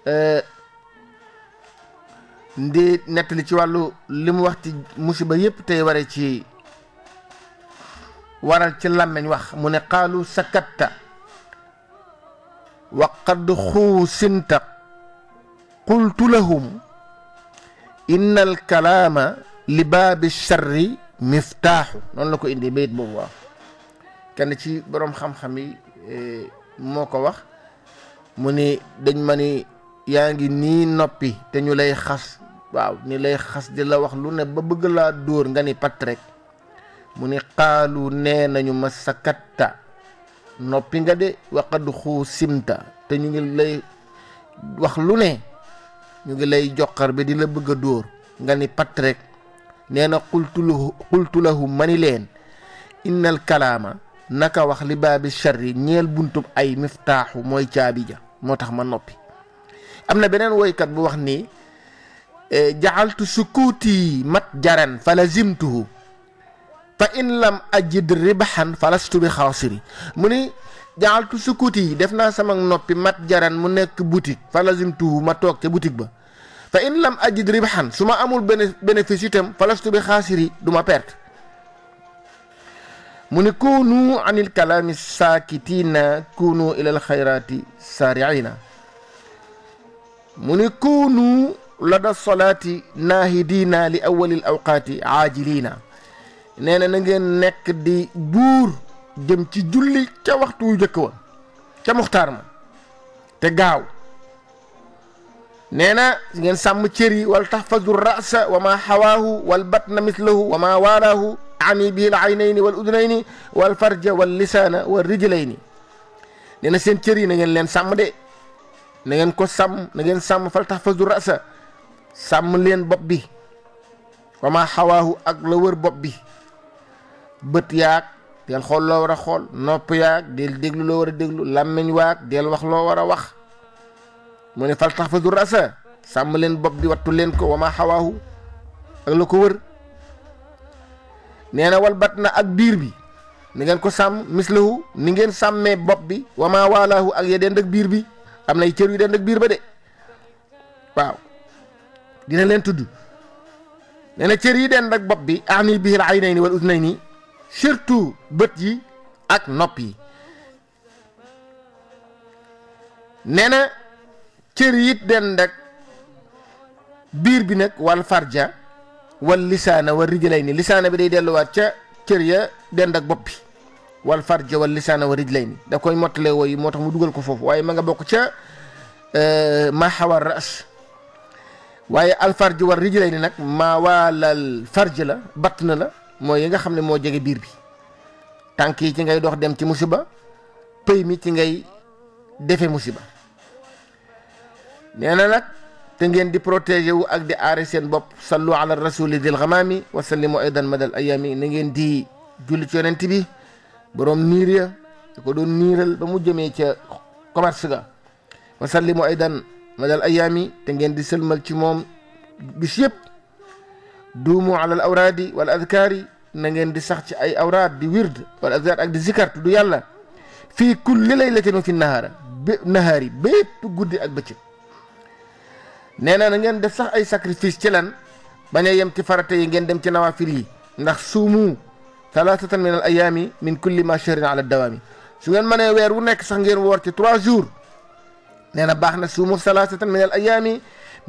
أه، ندي نتلي تي والو لم وخ مصيبه ييب تي واري تي waral ci lamagn wax mu ne qalu sakatta wa qultu lahum inna al kalaama li baabi charri miftaaxu noonu la ko indi bayit boobu waaw kenn ci boroom xam-xam yi eh, moo ko wax mu ni dañ ma ni yaa ngi nii noppi te ñu lay xas waaw ni lay xas di la wax lu ne ba bëgg laa dóor nga ni pat rek mu ni xaalu nee nañu ma sakatta noppi nga de waqad xuu simta te ñu ngi lay wax lu ne ñu ngi lay joxar bi dina la bëgg a dóor nga ni patt rek nee na xultulahu xultulahu mani leen innal kalaama naka wax li baabi charri ñeel buntub ay miftaaxu mooy caabi ja moo tax ma noppi am na beneen woykat bu wax ni eh, jaxaltu sukuuti mat jaran fa lazimtuhu fa in lam ajid ribaxan fa lastu bi xaasiri mu ni jaaltu sukuuti yi def naa sama noppi mat jaran mu nekk boutique fa lazim tuhu ma toog ca boutique ba fa in lam ajid ribhan su ma amul bénéfice itam falastu bi xaasiri du perte mu ni kunu anil kalaami saakitina kunu ilal xayraati saariina mu ni kunu lada solaati naahidina li awalil awqaati aajilina nee na na ngeen nekk di buur dem ci julli ca waxtu yu jëkk wa ca muxtaar ma te gaaw neena ngeen sàmm cër wal tahfadu rasa wa ma xawaahu wal batna mislahu wa ma waalaahu bi al laynayni wal udunayni wal farja wal lisaana wal rijlayni neena seen cër yi na ngeen leen sàmm de na ngeen ko sàmm na ngeen sàmm fal rasa sàmm leen bop bi wa ma xawaahu ak la wër bop bi bët yaag del xol lo wara xol xool nopp yaag del deglu lo wara deglu déglu làmmiñ del wax lo wara wax mu ne fal tax rasa sam len bopp bi wattu len ko wama hawahu ak lako wër wal batna ak bir bi ni ngeen ko sam mislahu ni ngeen samme bopp bi wama walahu ak yeden ya ak bir bi am nay cër yu ak bir ba de waaw dina len tuddu neena na yi ak bopp bi ani al aynaini wal udnayni surtout bët yi ak nopp yi nee na cër yit dend ak biir bi nag wal farja wal lisaana wal rijlay ni lisaana bi day delluwaat ca cër ya dend ak bopp bi wal farja wal lisaana wal dugal ko foofu waaye ma nga bokk ca euh, ma xawar ras waaye alfarj wal rijlay ni nag maa waalal farj la batt na la mooy yi nga xam ne moo jege biir bi tànk yi ci ngay dox dem ci musiba pëy mi ci ngay defe musiba nee na nag te ngeen di protéger wu ak di aare seen bopp sallu ala rasuli dil xamaami wa sallimu aydan madal ayami na ngeen di julli ci yonent bi boroom niir ya da ko doon niiral ba mu jëmee ca commerce ga wa sallimu aydan madal ayami te ngeen di sëlmal ci moom bis yëpp duumu ala al awraadi wal adkaari na ngeen di sax ci ay awraad di wird wal adkaar ak di zikar tudd yàlla fii kulli laylatin wa fi nahara bé nahaari bépp guddi ak bëccëg nee na na ngeen def sax ay sacrifice ci lan bañ a yem ci farata yi ngeen dem ci nawaafil yi ndax suumu talaatatan min al ayaami min kulli ma shahrin ala dawami su ngeen mënee weer wu nekk sax ngeen woor ci trois jours nee na baax na suumu talaatatan min al ayaami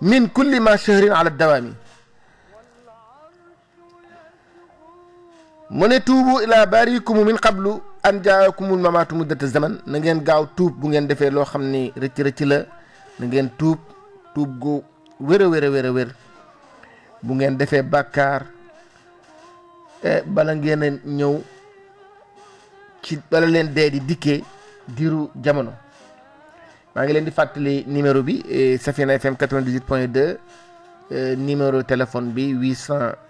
min kulli ma shahrin ala dawami mu ne tuubu ilaa baarikum min qablu an jaakumul mamaatu muddata zaman na ngeen gaaw tuub bu ngeen defee loo xam ni rëcc rëcc la na ngeen tuub tuub gu wér a wér a wér bu ngeen defee bàkkaar e, bala ngeen ñëw ci bala leen dee di dikkee diiru jamono maa ngi leen di fàttali numéro bi e, Safina FM 98 point 2 e, numéro téléphone bi 800.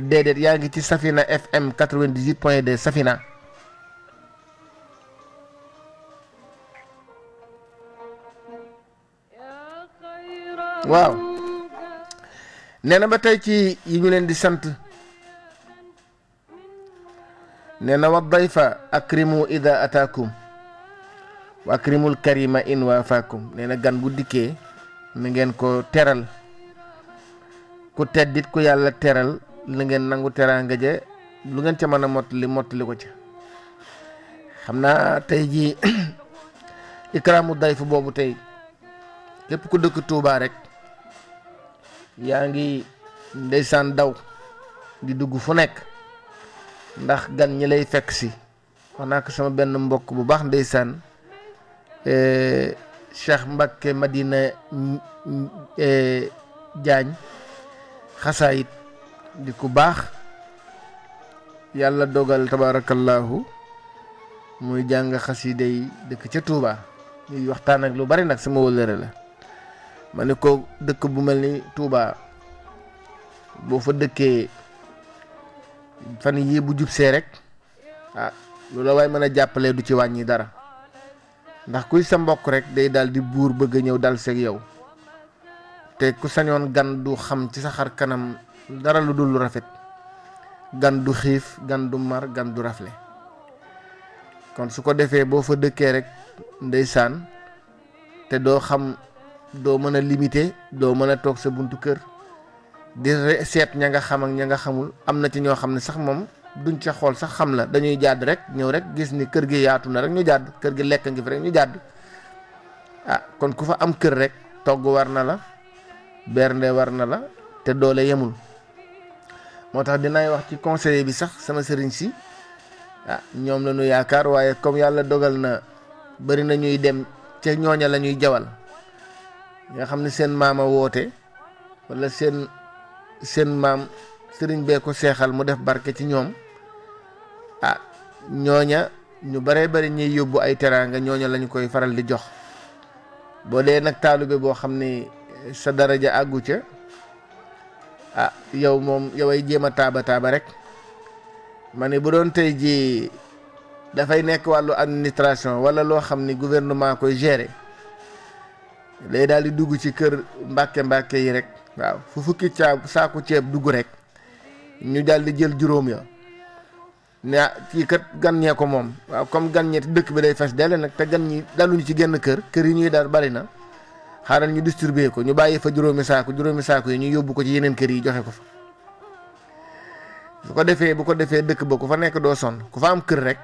déedéet yaa ngi ci Safina FM 98 point 2 Safina. waaw nee na ba tey ci yi ñu leen di sant nee na wa dayfa akrimu ida ataakum wa akrimul karima in waafakum nee na gan bu dikkee na ngeen ko teral ku teddit ku yàlla teral la ngeen nangu nga je lu ngeen ca mën a mottali mottali ko ca xam naa tey jii ikraamu dayf boobu tey képp ku dëkk Touba rek yaa ngi ndeysaan daw di dugg fu nekk ndax gan ñi lay fekk si wax naa ko sama benn mbokk bu baax ndeysaan eh, Cheikh Mbacké Madina eh, Diagne xasaayit di ku baax yàlla dogal tabaarakallaahu muy jàng xasida yi dëkk ca Touba ñuy waxtaan ak lu bari nag sama wëllëre la ma ne ko dëkk bu mel ni Touba boo fa dëkkee fan yii bu jubsee rek ah loolu la waaye mën a jàppalee du ci wàññi dara ndax kuy sa mbokk rek day dal di buur bëgg a ñëw dal seeg yow te ku sañoon gan du xam ci sa xar kanam dara lu dul lu rafet gan du xif gan du mar gan du rafle kon su ko de kerek fa dëkkee rek ndeysaan té do xam do mëna limité do mëna tok sa buntu kër di set ña nga xam ak ña nga xamul amna ci ño xam sax mom duñ ci xol sax xam la dañuy jadd rek ñew rek gis ni kër gi yaatu na rek ñu jadd kër gi lek ngi ah kon ku fa am kër rek togg war na la bernde war la te doole yemul moo tax dinaay wax ci conseiller bi sax sama sëriñ si ah ñoom lañu yaakaar waaye comme yàlla dogal na bari na ñuy dem ca ñooña la ñuy jawal nga xam ne seen maama woote walla seen seen maam sëriñ bee ko seexal mu def barke ci ñoom a ah ñooña ñu bare bari ñuy yóbbu ay teraanga ñooña lañu koy faral di jox boo dee nag taalibe boo xam ni sa daraja àggu ca ah yow moom yow ay jéem a taaba taaba rek ma ne bu doon tey jii dafay nekk wàllu administration wala loo xam ni gouvernement koy gérer lay daal di dugg ci kër mbàkke mbàkke yi rek waaw fu fukki caab saaku ceeb dugg rek ñu daal di jël juróom ya ne ah, kii kat gan ñee ko moom waaw comme gan ñee te dëkk bi day fes delle nag te gan ñi daluñu ci genn kër kër yi ñuy daal bari na xaaral ñu distribuer ko ñu bàyyi fa juróomi saako juróomi saako yi ñu yóbbu ko ci yeneen kër yi joxe ko fa su ko defee bu ko defee dëkk ba ku fa nekk doo sonn ku fa am kër rek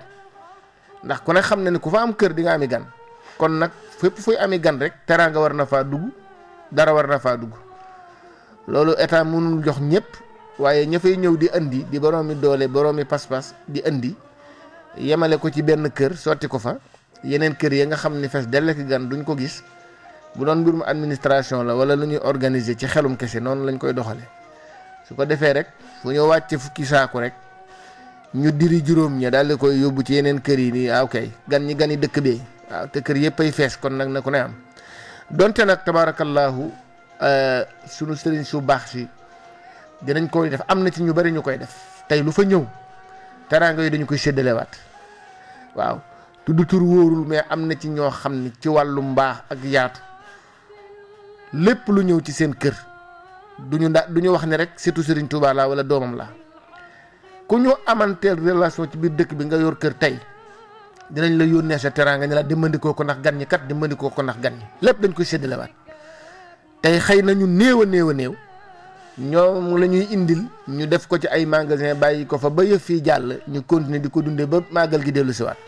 ndax ku ne xam na ni ku fa am kër di nga ami gan kon nag fépp fuy ami gan rek teraanga war na faa dugg dara war na faa dugg loolu état mënul jox ñëpp waaye ña fay ñëw di andi di boroomi doole boroomi pas-pas di indi yemale ko ci benn kër sotti ko fa yeneen kër ya nga xam ni fees dell ak gan duñ ko gis. bu doon mbirum administration la wala lu ñuy organiser ci xelum kese noonu lañ koy doxale su ko defee rek fu ñu wàcce fukki saaku rek ñu diri juróom ña daal di koy yóbbu ci yeneen kër yi nii ah, kay gan ñi gani dëkk bee waaw ah, te kër yëpp ay fees kon nag na ku ne am donte nag tabaarakallaahu eh, sunu sëriñ su baax si dinañ koy def am na ci ñu bari ñu koy def tey lu fa ñëw teraanga yi dañu koy séddalewaat waaw tudd tur wóorul mais am na ci ñoo xam ne ci wàllum mbaax ak yaatu. lépp lu ñëw ci seen kër duñu ñu nda ñu wax ne rek surtout Serigne Touba laa wala doomam la ku ñu amanteel relation ci biir dëkk bi nga yor kër tey dinañ la yónnee sa teraanga ñu la dimbandikoo ko ndax gan ñi kat dimbandikoo ko ndax gan ñi lépp dañ koy séddalewaat tey xëy na ñu néew a néew a néew ñoom la ñuy indil ñu def ko ci ay magasin bàyyi ko fa ba yëf fii ñu continuer di ko dundee ba màggal gi dellu siwaat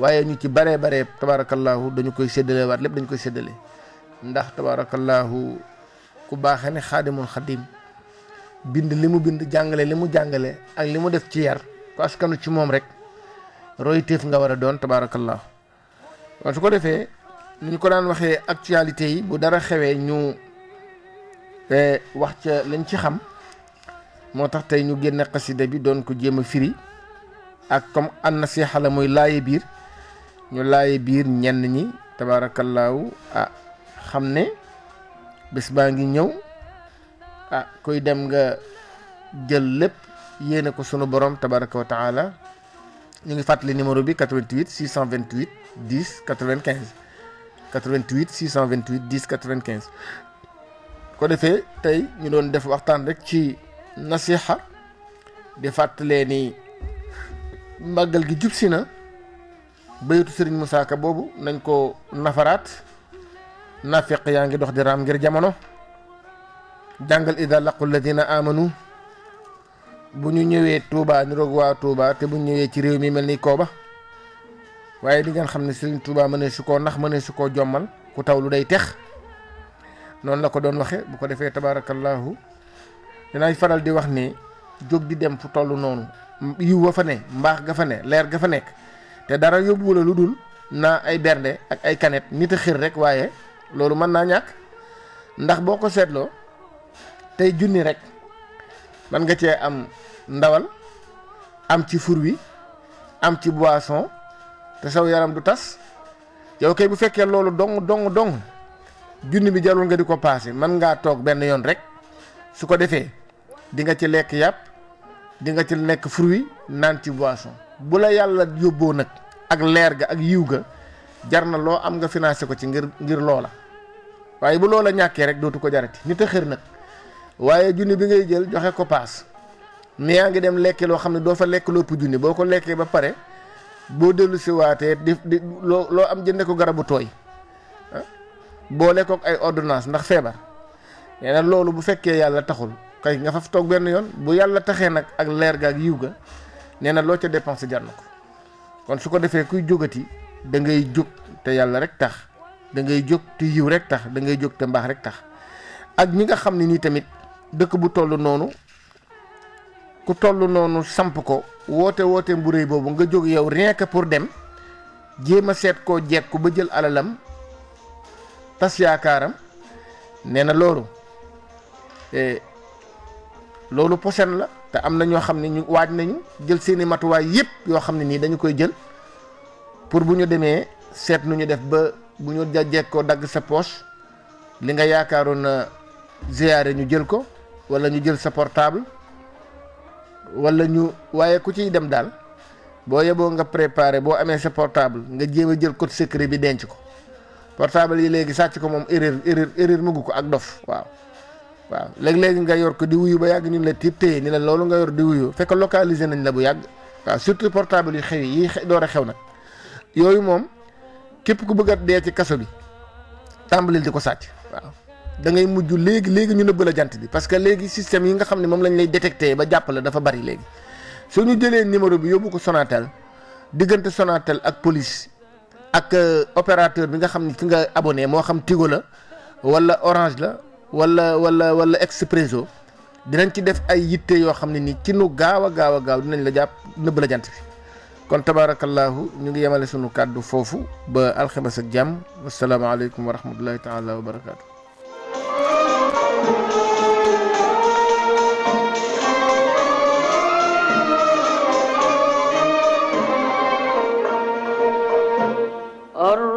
waaye ñu ci baree baree tabaarakallaahu dañu koy séddalewaat lépp dañu koy séddale ndax tabaarakallaahu ku baaxe ne xaadimul xadim bind li mu bind jàngale li mu jàngale ak li mu def ci yar ku askanu ci moom rek royteef nga war a doon tabaarakallaahu kon su ko defee ni ñu ko daan waxee actualité yi bu dara xewee ñu eh, wax ca lañ ci xam moo tax tey ñu génne xasida bi doon ko jéem a firi ak comme an nasiha la mooy laaye biir ñu laaye biir ñenn ñi tabaarakallaahu ah xam ne bis baa ngi ñëw a ah, kuy dem nga jël lépp yéene ko sunu borom tabaraka wa taala ñu ngi fàttali numéro bi 88 628 10 95 88 628 10 95 ko defee tey ñu doon def waxtaan rek ci nasiha di fàttalee ni màggal gi jub si na baytu Sëriñ Musaa boobu nañ ko nafaraat nafiq yaa ngi dox di raam ngir jamono jàngal ida laqu ladina amanu bu ñu ñëwee Touba niroog waa Touba te bu ñëwee ci réew mii mel ni Kooba waaye di ngeen xam ne Serigne Touba mënee su koo ndax mënee su koo jommal ku taw lu day tex noonu la ko doon waxe bu ko defee tabaarakallaahu dinaay faral di wax ni jóg di dem fu toll noonu yiw wa fa ne mbaax ga fa ne leer ga fa nekk te dara la lu dul naa ay bernde ak ay kanet nit a xir rek waaye loolu mën naa ñàkk ndax boo ko seetloo tey junni rek mën nga cee am ndawal am ci fur am ci boisson te saw yaram du tas yow kay bu fekkee loolu dong dong dong junni bi jarul nga di ko paase mën ngaa toog benn yoon rek su ko defee di nga ci lekk yàpp dinga ci nekk fruit naan ci boisson bu la yàlla yóbboo nag ak leer ga ak yiw ga jar na loo am nga financé ko ci ngir ngir loola waaye bu loola ñàkkee rek dootu ko jarati nit a xër nag waaye junni bi ngay jël joxe ko paas mais yaa ngi dem lekkee loo xam ne doo fa lekk lopp junni boo ko lekkee ba pare boo dellu si waatee di di loo loo am jënde ko garabu tooy ah? boole ko ay ordinance ndax feebar nee loolu bu fekkee yàlla taxul kay nga fa toog benn yoon bu yàlla taxee nag ak leer ga yiw ga nee na loo ca dépensé jar na ko kon su ko jógati da ngay jóg te yàlla rek tax da ngay jóg te yiw rek tax da ngay jóg te mbaax rek tax ak ñi nga xam ne nii tamit dëkk bu toll noonu ku toll noonu samp ko woote woote bu rëy boobu nga jóg yow rien que pour dem jéem a seet koo jekku ba jël alalam tas yaakaaram nee na loolu e, loolu posen la te am na ñoo xam ne ñu waaj nañu jël seeni matuwaay yépp yoo xam ne nii dañu koy jël pour bu ñu demee seet nu ñu def ba bu ñu ko dagg sa poche li nga yaakaaroon na ziyaare ñu jël ko walla ñu jël sa portable walla ñu waaye ku ciy dem daal boo yeboo nga préparé boo amee sa portable nga jéem a jël code secret bi denc ko portable yi léegi sàcc ko moom erreur erreur erreur mugg ko ak dof waaw waaw léeg-léeg nga yor ko di wuyu ba yàgg ñun ne tiib téye ni la loolu nga yor di wuyu fekk localisé nañ la bu yàgg waaw surtout portable yi xew yi door a xew yooyu moom képp ku bëgg a dee ci kaso bi tàmbalil di ko sàcc waaw da ngay mujj léegi léegi ñu nëbb la jant bi parce que léegi système yi nga xam ne moom lañ lay détecté ba jàpp la dafa bari léegi soo ñu jëlee numéro bi yóbbu ko Sonatel diggante Sonatel ak police ak euh, opérateur bi nga xam ni fi nga abonné moo xam Tigo la wala Orange la wala wala wala Expresso dinañ ci def ay yitte yoo xam ne nii ci nu gaaw a gaaw a gaaw dinañ la jàpp nëbb la jant bi. kon tabarakallah ñu ngi yemale sunu kàddu fofu ba alkhamis ak jam assalamu alaykum wa rahmatullahi taala wa barakatuh الر